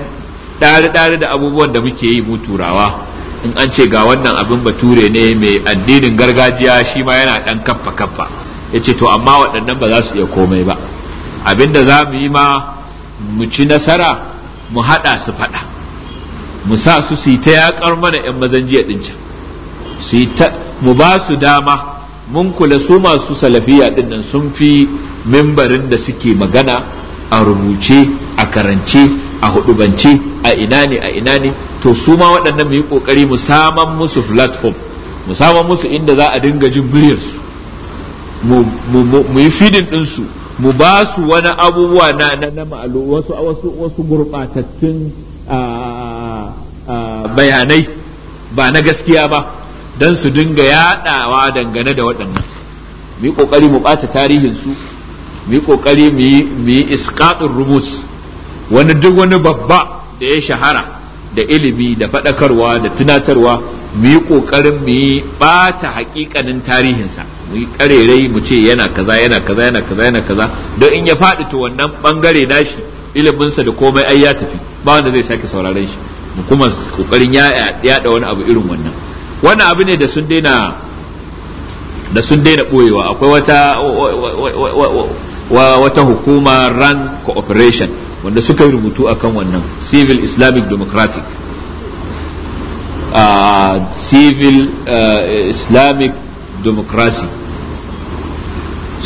ɗari-ɗari da abubuwan da muke yi mu turawa in an ce ga wannan abin bature ne mai addinin gargajiya shi ma yana ɗan kaffa-kaffa ya ce to amma waɗannan ba za su iya komai ba abinda za mu yi ma mu ci nasara mu haɗa su faɗa mu sa su su yi ta yaƙar mana 'yan mazan jiya ɗin can su mu ba su dama mun kula su masu salafiya ɗin nan sun fi mimbarin da suke magana a rubuce a karance a hudubance a ina ne a ina ne to su ma waɗannan mu yi ƙoƙari mu saman musu platform mu saman musu inda za a dinga jin muryarsu mu yi fidin ɗinsu mu ba su wani abubuwa na na wasu wasu wasu gurɓatattun ah, bayanai ba na gaskiya ba don su dinga yaɗawa dangane da waɗannan mu yi ƙoƙari mu ɓata tarihinsu mu yi ƙoƙari mu yi iskaɗin rumus wani duk wani babba da ya shahara da ilimi da faɗakarwa da tunatarwa mu yi ƙoƙarin mu yi ɓata haƙiƙanin tarihinsa mu yi ƙarerai mu ce yana kaza yana kaza yana kaza yana kaza don in ya faɗi to wannan ɓangare nashi iliminsa da komai ai ya tafi ba wanda zai sake sauraron shi mu kuma kokarin yada wani abu irin wannan wannan abu ne da sun daina da sun daina boyewa akwai wata wata hukuma ran cooperation wanda suka rubutu akan wannan civil islamic democratic uh, civil eh, islamic democracy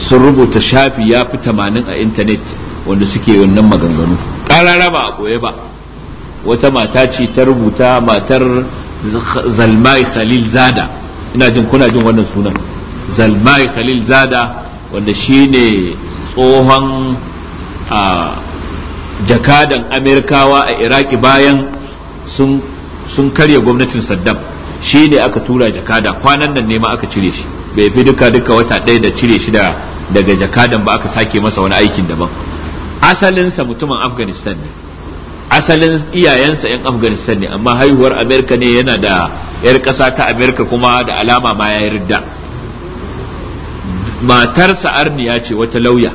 sun rubuta shafi ya fi tamanin a intanet wanda suke wannan maganganu ƙarara ba a koye ba wata mata ce ta rubuta matar zalmai khalil zada ina jin kuna jin wannan sunan zalmai khalil zada wanda shine tsohon a jakadan amerikawa a iraki bayan sun karya gwamnatin saddam shi ne aka tura jakada kwanan nan ne ma aka cire shi bai fi duka duka wata ɗaya da cire shi daga jakadan ba aka sake masa wani aikin daban asalinsa mutumin afghanistan ne asalin iyayensa yan afghanistan ne amma haihuwar amerika ne yana da yar ƙasa ta amerika kuma da alama ma ya yarda matarsa arniya ce wata lauya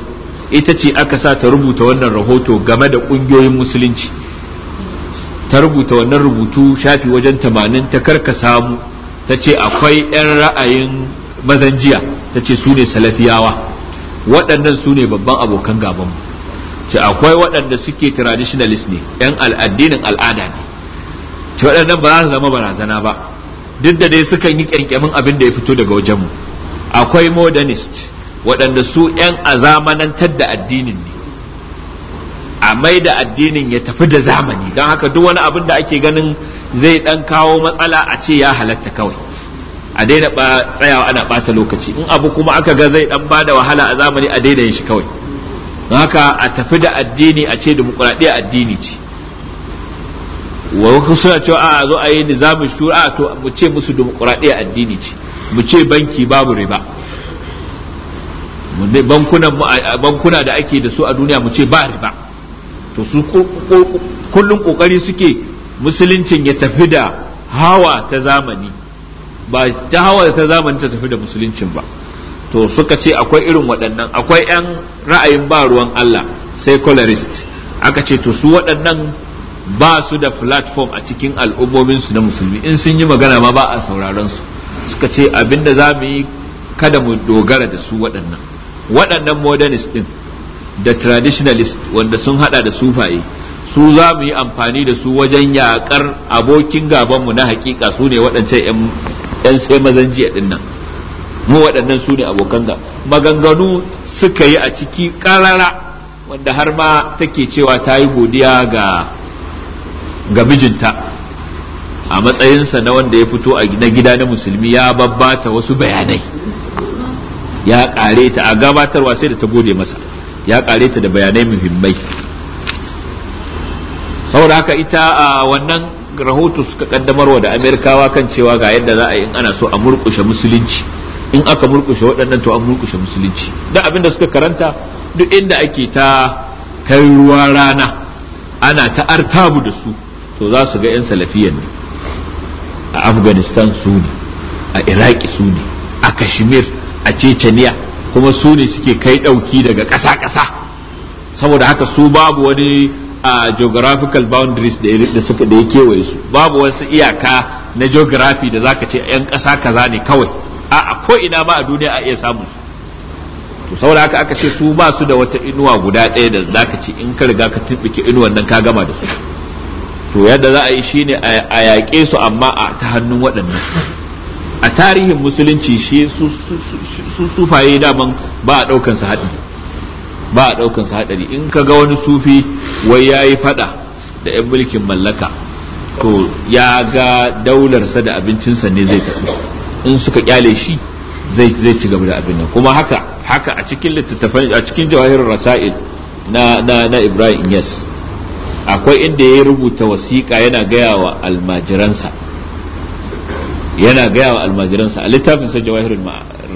ita ce aka sa ta rubuta wannan rahoto game da ƙungiyoyin musulunci ta rubuta wannan rubutu shafi wajen tamanin ta karka samu ta ce akwai 'yan ra'ayin mazan jiya ta ce su ne salafiyawa waɗannan su ne babban abokan gabanmu ce akwai waɗanda suke traditionalist ne yan al'addinin al'ada ne ce waɗannan ba za su zama barazana ba duk da dai sukan yi ƙyanƙyamin abin da ya fito daga wajenmu akwai modernist waɗanda su yan azamanantar da addinin ne a mai da addinin ya tafi da zamani don haka duk wani abin da ake ganin zai ɗan kawo matsala a ce ya halatta kawai a daina tsayawa ana bata lokaci in abu kuma aka ga zai dan bada wahala a zamani a daina yin shi kawai don haka a tafi da addini a ce demokuraɗiyya addini ce wa suna cewa a zo a yi nizamin shura to mu ce musu demokuraɗiyya addini ce mu ce banki babu riba bankuna da ake da su a duniya mu ce ba riba to su kullum kokari suke musuluncin ya tafi da hawa ta zamani ba ta hawa ta zamani ta tafi da musuluncin ba to suka ce akwai irin waɗannan akwai 'yan ra'ayin ba ruwan Allah sai colorist aka ce to su waɗannan ba su da platform a cikin al'ummominsu na musulmi in sun yi magana ma ba a sauraron su suka ce abinda za mu yi kada mu dogara da su waɗannan waɗannan modernist ɗin da traditionalist wanda sun haɗa da sufaye su za mu yi amfani da su wajen yaƙar abokin gabanmu na hakika su ne waɗancan 'yan sai mazan jiya ɗinnan. mu waɗannan su ne abokan ga maganganu suka yi a ciki ƙarara wanda har ma take cewa ta yi godiya ga ga mijinta a matsayinsa na wanda ya fito a na gida na musulmi ya babbata wasu bayanai ya ƙare ta a gabatarwa sai da ta gode masa ya ƙare ta da bayanai muhimmai saboda haka ita a wannan rahoto suka kaddamarwa da amerikawa kan cewa ga yadda za a yi in ana so a murƙushe musulunci in aka murkushe waɗannan to an murkushe musulunci duk abinda suka karanta duk inda ake ta kai ruwa rana ana ta artabu da su to za su ga 'yan salafiyan ne a afghanistan su ne a iraki su ne a kashmir a ceceniya kuma su ne suke kai ɗauki daga ƙasa-ƙasa saboda haka su babu wani a geographical boundaries da ya kewaye su babu wasu iyaka na geography da zaka ce 'yan ƙasa kaza ne kawai a ko ina ma a duniya a iya samun su to saboda haka aka ce su ba su da wata inuwa guda ɗaya da zaka ci in ka riga ka tuɓuke inuwan nan ka gama da su to yadda za a yi shine a yaƙe su amma a ta hannun waɗannan a tarihin musulunci shi su sufaye daman ba a ɗaukan su haɗari ba a ɗaukan su haɗari in ka ga wani sufi wai ya yi faɗa da 'yan mulkin mallaka to ya ga daularsa da abincinsa ne zai tafi in suka kyale shi zai zai ci gaba da abin nan kuma haka haka a cikin littattafan a cikin jawahirin rasail na na na Ibrahim Yes akwai inda ya rubuta wasiƙa yana gaya wa almajiransa yana gaya wa almajiransa a littafin sa jawahirin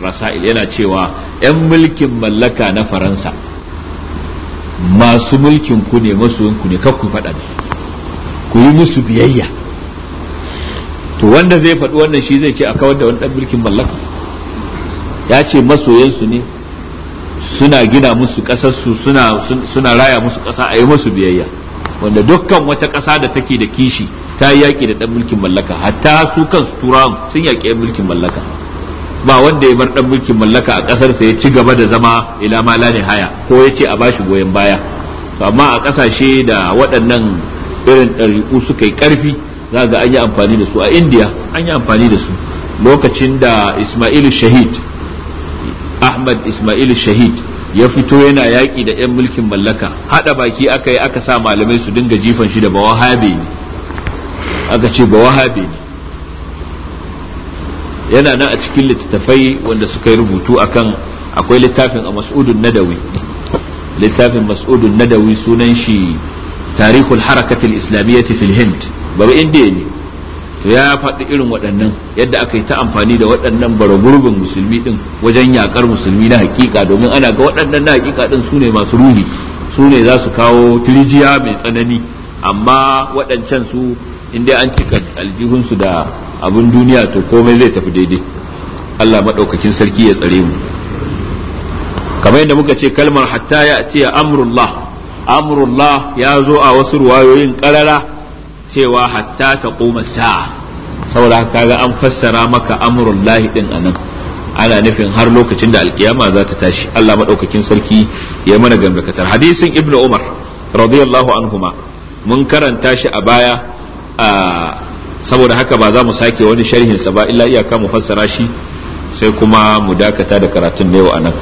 rasail yana cewa 'yan mulkin mallaka na faransa masu mulkin ku ne masu ku ne kakku faɗa ku yi musu biyayya to wanda zai faɗi wannan shi zai ce a kawar da wani ɗan mulkin mallaka ya ce masoyansu ne suna gina musu ƙasarsu suna raya musu ƙasa a yi musu biyayya wanda dukkan wata ƙasa da take da kishi ta yi yaƙi da ɗan mulkin mallaka hatta su kansu turawan sun yaƙi ɗan mulkin mallaka ba wanda ya bar ɗan mulkin mallaka a ƙasarsa ya ci gaba da zama ila ma la haya ko ya ce a bashi goyon baya to amma a ƙasashe da waɗannan irin ɗari'u suka yi ƙarfi za ga an yi amfani da su a indiya an yi amfani da su lokacin da ismailu shahid ahmad ismailu shahid ya fito yana yaƙi da 'yan mulkin mallaka haɗa baki aka yi aka sa malamai su dinga jifan shi da habe ne aka ce habe ne yana nan a cikin littattafai wanda suka yi rubutu akan akwai littafin a mas'udun nadawi littafin mas'udun nadawi sunan shi tarihul harakatul islamiyyati fil hind ba indiya ne to ya faɗi irin waɗannan yadda aka yi ta amfani da waɗannan baragurbin musulmi ɗin wajen yaƙar musulmi na hakika domin ana ga waɗannan na hakika ɗin su ne masu ruhi su ne za su kawo kirjiya mai tsanani amma waɗancan su inda an cika aljihunsu da abin duniya to komai zai tafi daidai Allah maɗaukakin sarki ya tsare mu kamar yadda muka ce kalmar hatta ya ce amrullah amrullah ya zo a wasu ruwayoyin ƙarara cewa hatta ta koma sa'a saboda kaga an fassara maka amrul lahi din anan ana nufin har lokacin da alkiyama za ta tashi Allah madaukakin sarki ya mana gambakatar hadisin ibnu umar radiyallahu anhuma mun karanta shi a baya saboda haka ba za mu sake wani sharhin sa ba illa iyaka mu fassara shi sai kuma mu dakata da karatun da yau anan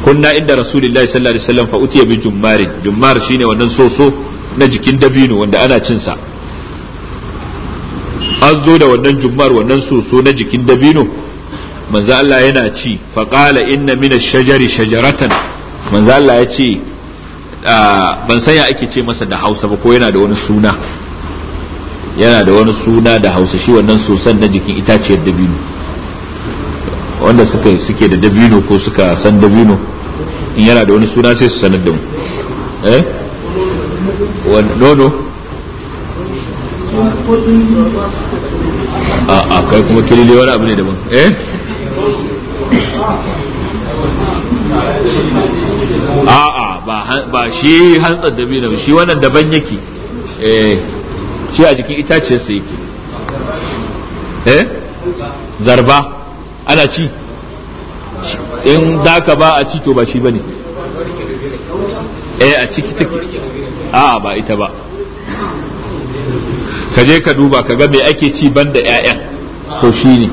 kunna inda rasulullahi sallallahu alaihi wasallam fa utiya bi jummar jummar shine wannan soso na jikin dabino wanda ana cin sa an zo da wannan jummar wannan soso na jikin dabino manzo Allah yana ci fa qala inna min ash-shajari shajaratan manzo Allah ya ce ban sanya ya ake ce masa da Hausa ba ko yana da wani suna yana da wani suna da Hausa shi wannan sosan na jikin itaciyar dabino wanda suka suke da dabino ko suka san dabino in yana da wani suna sai su sanar da mu eh nono a kai kuma kilili wani abu ne daban eh a'a ba shi hantsar da biyu shi wannan daban yake eh shi a jikin itaciyarsa yake eh zarba ana ci in daka ba a ci to ba shi ba ne eh a ciki take a'a ba ita ba ka je ka duba ka ga me ake ci banda 'ya'yan to ne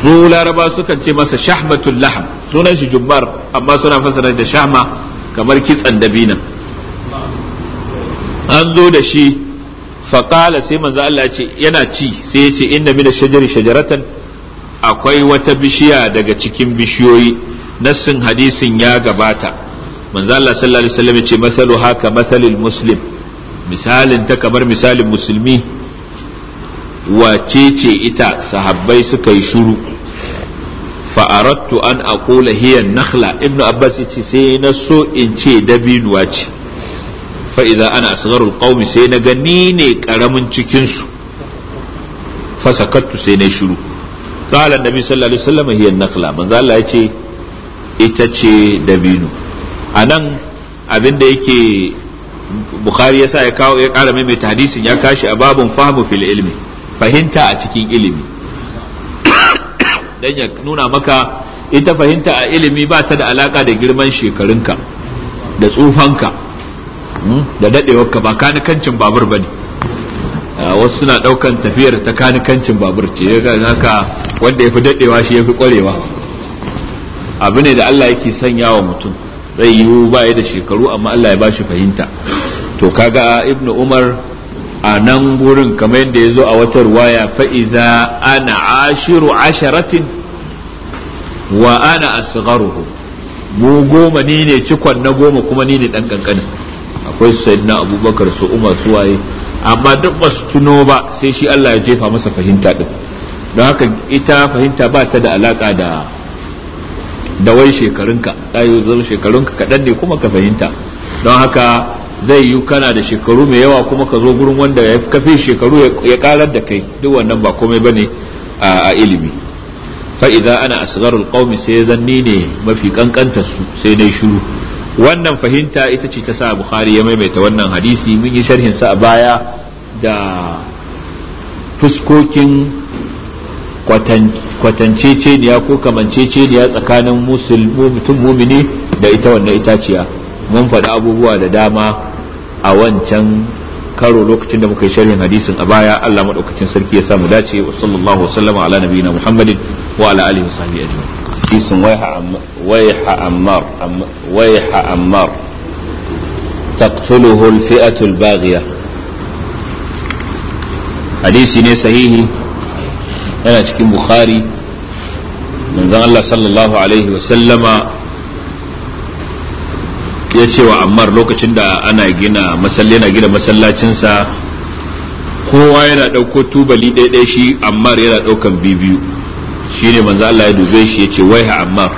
su laraba sukan ce masa shahmatul laham sunan shi jubbar amma suna fasara da shahma kamar kitsan dabina an zo da shi faƙala sai manzo Allah ce yana ci sai ya ce inda mina shajari shajaratan akwai wata bishiya daga cikin bishiyoyi nassin hadisin ya gabata manzo Allah sallallahu alaihi wasallam yace masalu haka masalil muslim misalin ta kamar misalin musulmi wace ce ita sahabbai suka yi shuru fa aradtu an aqula hiya nakhla ibn abbas yace sai na so in ce dabinuwa ce fa idza ana asgharul qaumi sai na gani ne karamin cikin su fa sakattu sai na shuru qala annabi sallallahu alaihi wasallam hiya nakhla manzo Allah yace ita ce dabinu a nan abin da yake bukhari ya sa ya kawo ya kara mai hadisin ya kashi a babun fahimu fil ilmi fahimta a cikin ilimi dan ya nuna maka ita fahimta a ilimi ba ta da alaka da girman shekarunka da tsufanka hmm, da ka ba kanikancin babur bane wasu suna daukan tafiyar ta kanikancin babur ce haka wanda ya fi dadewa shi ya fi kwarewa abu ne da Allah yake sanya wa mutum zai yiwu ba ya da shekaru amma Allah ya ba shi fahimta to kaga ibn umar a nan gurin kamar yadda ya zo a wata ruwaya fa'iza ana ashiru asharatin wa ana asgharuhu mu goma ni ne cikon na goma kuma ni ne dan kankanin akwai na abubakar su umar su waye amma duk ba su tuno ba sai shi Allah ya jefa masa fahimta din don haka ita fahimta ba ta da alaka da da wai shekarunka ayo zan shekarunka kaɗan ne kuma ka fahimta don haka zai yi kana da shekaru mai yawa kuma ka zo gurin wanda ya kafe shekaru ya karar da kai duk wannan ba komai bane a ilimi fa idza ana asgharul qaumi sai zanni ne mafi kankantar su sai yi shiru wannan fahimta ita ce ta sa bukhari ya maimaita wannan hadisi mun yi sharhin sa a baya da fuskokin ya ko ya tsakanin mutum mumini da ita wannan itaciya mun faɗi abubuwa da dama a wancan karo lokacin da muka yi sharhin hadisin a baya Allah maɗaukacin sarki ya samu dace wa sallallahu wasallama ala nabiyina Muhammadin wa ala alihi wasahbihi ajma'in hadisin waiha ammar waiha ammar taqtuluhu al-fi'atu al-baghiya hadisi ne sahihi yana cikin bukhari manzon Allah sallallahu alaihi wasallama ya ce wa ammar lokacin da ana gina yana gina masallacinsa kowa yana ɗauko tubali ɗaiɗai shi ammar yana ɗaukan bibiyu shi ne manzo Allah ya dube shi ya ce waiha ammar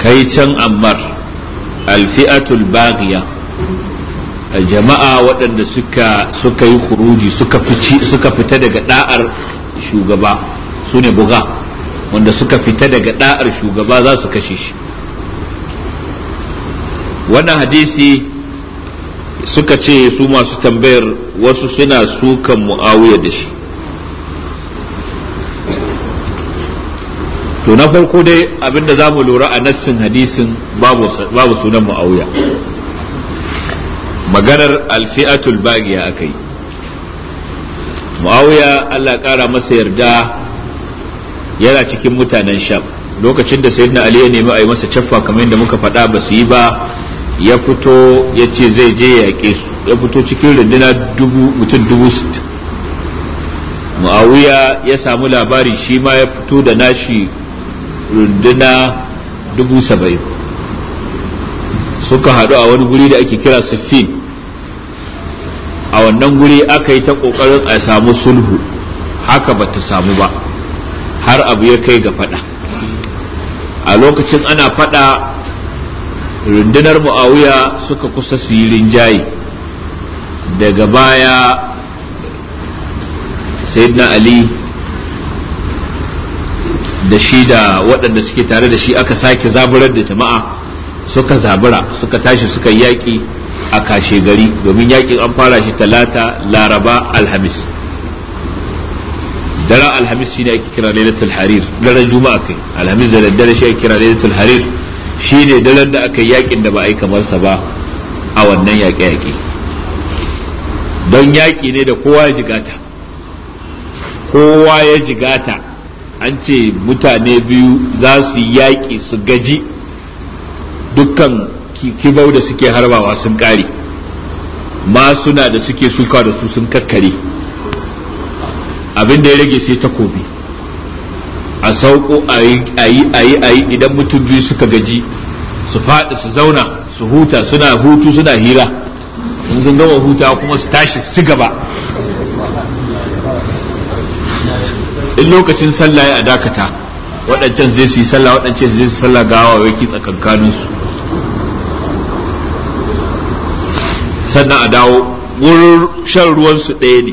kai can ammar alfi'atul baghiya jama'a waɗanda suka yi kuruji suka suka fita daga da'ar shugaba su ne buga wanda suka fita daga da'ar shugaba za su kashe shi wannan hadisi suka ce su masu tambayar wasu suna sukan mu'awiya da shi to na farko dai abinda za mu lura a nassin hadisin babu sunan mu'awiya maganar alfi'atul bagiya aka yi muawiya allah ƙara masa yarda yana cikin mutanen sham lokacin da sayyidina ali ya nemi a yi masa caffa kamar yadda muka faɗa ba su yi ba ya fito ya ce zai je ya yaƙe su ya fito cikin runduna mutum dubu muawiya ya samu labari shi ma ya fito da nashi runduna dubu saba'in suka haɗu a wani guri da ake kira siffin a wannan guri aka yi ta ƙoƙarin a samu sulhu haka bata samu ba har abu ya kai ga faɗa a lokacin ana faɗa rundunar mu'awiya suka kusa su yi rinjaye daga baya sayyidina ali da shi da waɗanda suke tare da shi aka sake zaburar da jama'a suka zabura suka tashi suka yaƙi a kashe gari domin yaƙin an fara shi talata laraba alhamis daren alhamis shi ne ake kira lailatul harir daren juma'a kai alhamis da daddare shi ake kira lailatul harir shi ne daren da aka yaƙin da ba a yi kamar sa ba a wannan yaƙe-yaƙe don yaƙi ne da kowa ya jigata kowa ya jigata an ce mutane biyu za su yaƙi su gaji dukkan kibau da suke harbawa sun kare ma suna da suke suka da su sun kakkare abin da ya rage sai takobi a sauko a yi a yi idan mutum biyu suka gaji su faɗi su zauna su huta suna hutu suna hira in sun gama huta kuma su tashi su ci gaba in lokacin sallah ya dakata waɗancan zai su yi sallah waɗancan zai su sallah gawa wai ki tsakankaninsu sannan a dawo gurin shan ruwan su ɗaya ne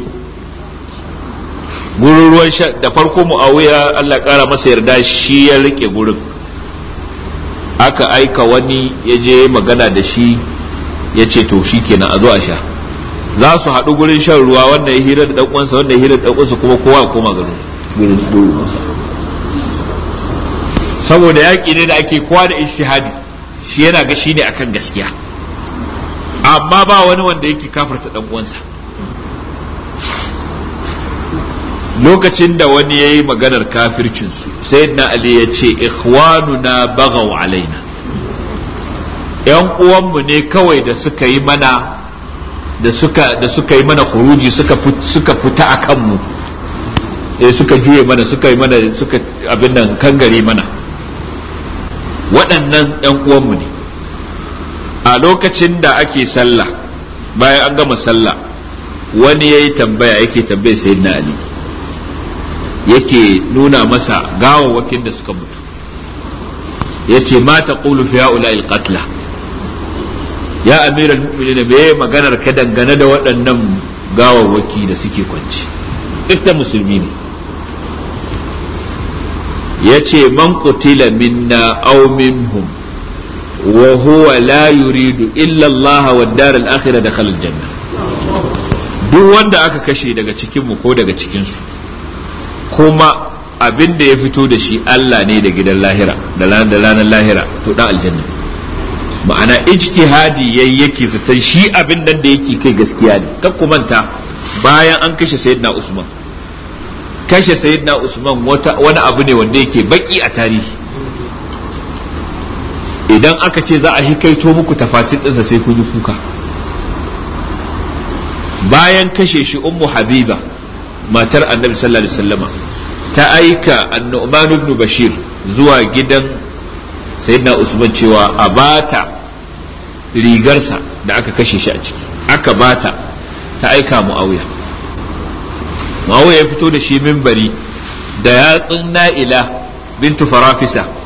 gurin ruwan sha da farko mu'awiya Allah ƙara masa yarda shi ya rike gurin aka aika wani ya je magana da shi ya ce to shi kenan a zo a sha za su haɗu gurin shan ruwa wannan ya hira da ɗan'uwansa wannan ya hira da ɗan'uwansa kuma kowa koma gano saboda yaƙi ne da ake kowa da ishtihadi shi yana ga shi ne akan gaskiya amma ba wani wanda yake kafarta dan uwansa lokacin da wani ya yi maganar kafircinsu sai na ali ya ce ikhwanuna bagaw alaina yan uwanmu ne kawai da suka yi mana da suka da suka yi mana khuruji suka suka fita a kanmu eh suka juye mana suka yi mana suka abin nan kangare mana waɗannan yan uwanmu ne a lokacin da ake sallah bayan an gama sallah wani ya yi tambaya yake sai sayyidina ali yake nuna masa gawawwakin da suka mutu ya ce ma ta fiya ha'ula'il qatla ya amira mu'minin bai maganar ka dangane da waɗannan gawawwaki da suke kwanci duk da musulmi ne ya ce man qutila minna aw minhum wa لا يريد yuridu الله والدار wa دخل al da khalal duk wanda aka kashe daga cikin mu ko daga cikin su kuma abin da ya fito da shi Allah ne da gidan lahira da ranar lahira to dan aljanna ma'ana ijtihadi yayi yake zaton shi abin nan da yake kai gaskiya ne kan ku manta bayan an kashe sayyidina Usman kashe sayyidina Usman wani abu ne wanda yake baki a tarihi idan aka ce za a hikaito muku tafasin ɗinsa sai kun yi kuka bayan kashe shi ummu habiba matar annabi sallallahu alaihi wasallama ta aika annu'man ibn bashir zuwa gidan sayyidina usman cewa a bata rigarsa da aka kashe shi a ciki aka bata ta aika muawiya muawiya ya fito da shi minbari da yatsun na'ila bintu farafisa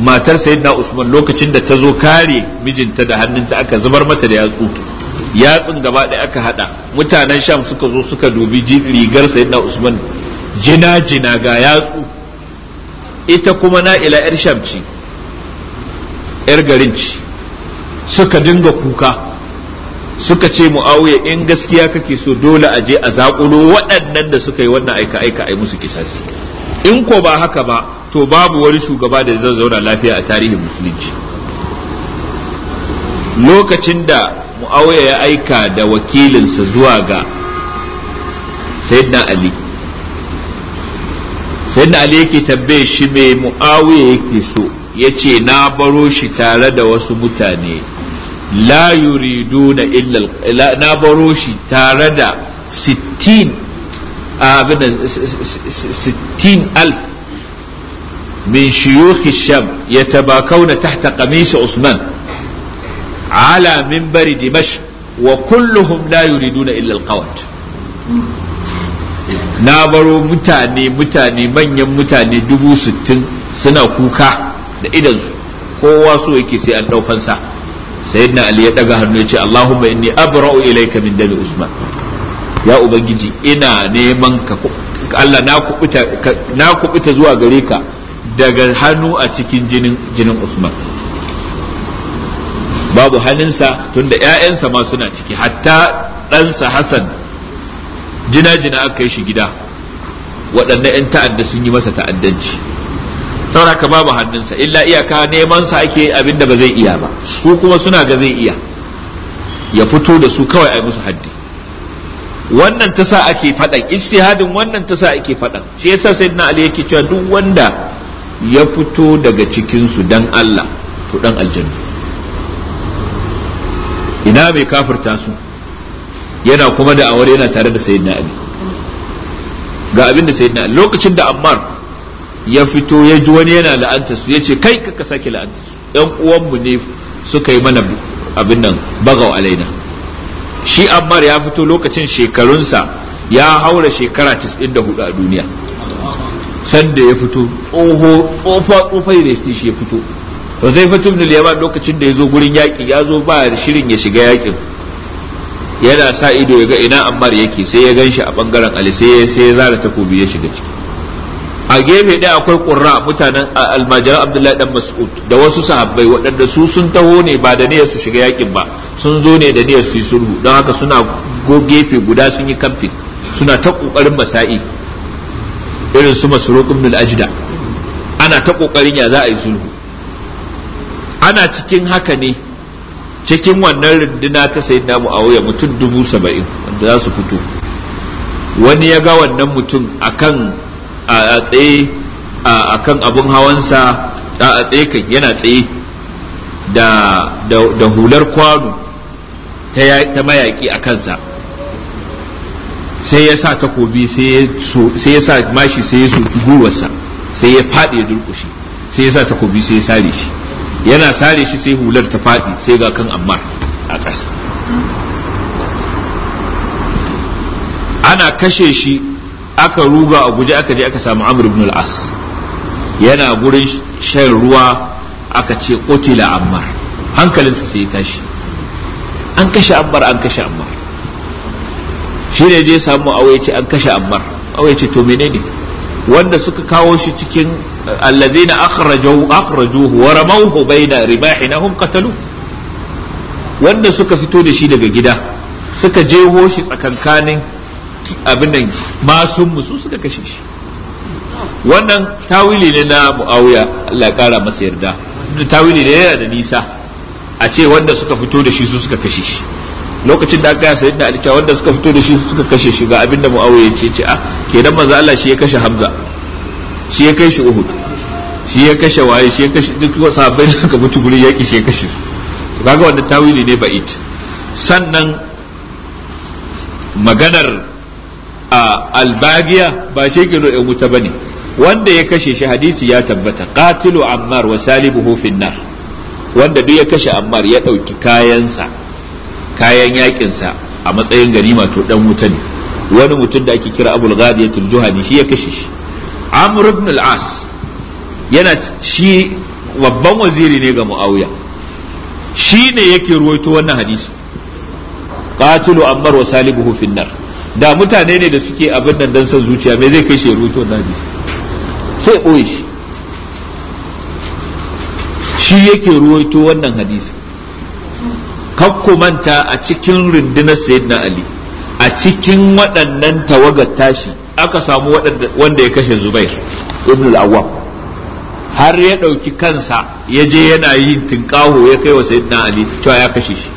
matar sayyidina usman lokacin da ta zo kare mijinta da hannunta aka zubar mata da yatsu yatsun gaba ɗaya aka hada mutanen sham suka zo suka dubi rigar sayyidina usman jina jina ga yatsu ita kuma na ila yar sham ci. yar garin ci. suka dinga kuka suka ce mu'awiya in gaskiya kake so dole a je a zaƙulo waɗannan da suka yi wannan aika aika ai musu kisasi in ko ba haka ba to babu wani shugaba da zai zauna lafiya a tarihin musulunci lokacin da mu'awiya ya aika da wakilinsa zuwa ga sayyidina ali sayyidina ali yake tambaye shi mai mu'awiya yake so ya ce na baro shi tare da wasu mutane la yuriduna illa na baro shi tare da sittin abin sittin alf min shuyukhi sham yatabakawna tahta qamis usman ala bari Dimash wa kulluhum la yuriduna illa alqawat na baro mutane mutane manyan mutane dubu sittin suna kuka da idonsu kowa so yake sai an ɗaukansa sayyidina ali ya ɗaga hannu ya ce allahumma inni abra'u ilayka min dami usman ya ubangiji ina neman ka Allah na kubuta zuwa gare ka daga hannu a cikin jinin jinin Usman babu hannunsa tunda ‘ya'yansa ma suna ciki hatta ɗansa Hassan jina-jina aka yi shi gida waɗannan ‘yan ta'adda sun yi masa ta'addanci sauraka babu hannunsa illa iyaka nemansa ake abin da ba zai iya ba su kuma suna ga zai iya ya fito da su kawai a musu haddi wannan ta sa ake faɗan ijtihadin wannan ta ake faɗan shi yasa sayyidina ali yake cewa duk wanda ya fito daga cikinsu dan Allah to dan aljanna ina mai kafirta su yana kuma da aure yana tare da sayyidina ali ga abin da sayyidina ali lokacin da ammar ya fito ya ji wani yana la'anta su yace kai kaka sake la'anta su yan uwanmu ne suka yi mana abin nan bagaw alaina shi ammar ya fito lokacin shekarunsa ya haura shekara 94 a duniya sanda ya fito tsoho tsofa tsofai shi ya fito to zai fito ibn al lokacin da ya zo gurin yaki ya zo ba shirin ya shiga yakin yana sa ido ya ga ina ammar yake sai ya ganshi a bangaren ali sai sai ya zara takobi ya shiga ciki a gefe ɗaya akwai ƙurra mutanen Almajira abdullahi dan mas'ud da wasu sahabbai waɗanda su sun taho ne ba da niyyar su shiga yakin ba sun zo ne da niyyar su yi sulhu don haka suna go gefe guda sun yi kamfin suna ta ƙoƙarin masa'i irin su masu ibn al ana ta ƙoƙarin ya za a yi sulhu ana cikin haka ne cikin wannan runduna ta sayyidina wuya mutum dubu saba'in wanda za su fito wani ya ga wannan mutum a kan a tsaye a kan abun hawansa a tsaye kai yana tsaye da hular kwano ta mayaƙi a kansa sai ya sa takobi sai ya sa mashi sai ya soki gwiwarsa sai ya faɗi ya durƙushe sai ya sa takobi sai ya sare shi yana sare shi sai hular ta faɗi sai ga kan amma a ƙasa ana kashe shi aka ruga a guje aka je aka samu amr ibn al-as yana gurin shan ruwa aka ce qutila ammar hankalinsa sai ya tashi an kashe ammar an kashe ammar shi ne je samu awo ce an kashe ammar awo ce to menene wanda suka kawo shi cikin eh, allazina akhrajahu akhrajuhu wa ramawhu bayna ribahinahum qatalu wanda suka fito da shi daga gida suka jeho shi tsakankanin abin nan masun musu suka kashe shi wannan tawili ne na muawiya Allah ya kara masa yarda tawili ne yana da nisa a ce wanda suka fito da shi su suka kashe shi lokacin da aka yi da ali cewa wanda suka fito da shi suka kashe shi ga abinda muawiya ce ce a ah, kenan manzo Allah shi ya kashe hamza shi ya kai shi uhud shi ya kashe waye shi ya kashe duk sahabbai da suka mutu guri yaki shi ya kashe su kaga wannan tawili ne ba'it sannan maganar a albagiya ba shi gino ya wuta bane wanda ya kashe shi hadisi ya tabbata qatilu ammar wa salibuhu finnar wanda duk ya kashe ammar ya dauki kayansa kayan yakinsa a matsayin ganima to dan wuta ne wani mutum da ake kira abul ghadiyatul juhani shi ya kashe shi amr ibn al-as yana shi babban waziri ne ga muawiya shi ne yake ruwaito wannan hadisi qatilu ammar wa salibuhu finnar da mutane ne da suke abin nan dan san zuciya me zai kashe ruwaito wannan hadisi sai boye shi shi yake ruwaito wannan hadisi kakku manta a cikin rundunar sayyidina ali a cikin waɗannan tawagar tashi aka samu wanda ya kashe zubair ibn al-awwam har ya ɗauki kansa ya je yana yin tinkaho ya kai wa sayyidina ali cewa ya kashe shi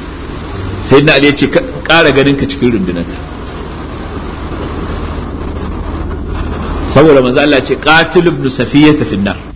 sayyidina ali ya ce ƙara ganin ka cikin rundunarta saboda manzo Allah ce qatil ibn safiya ta nar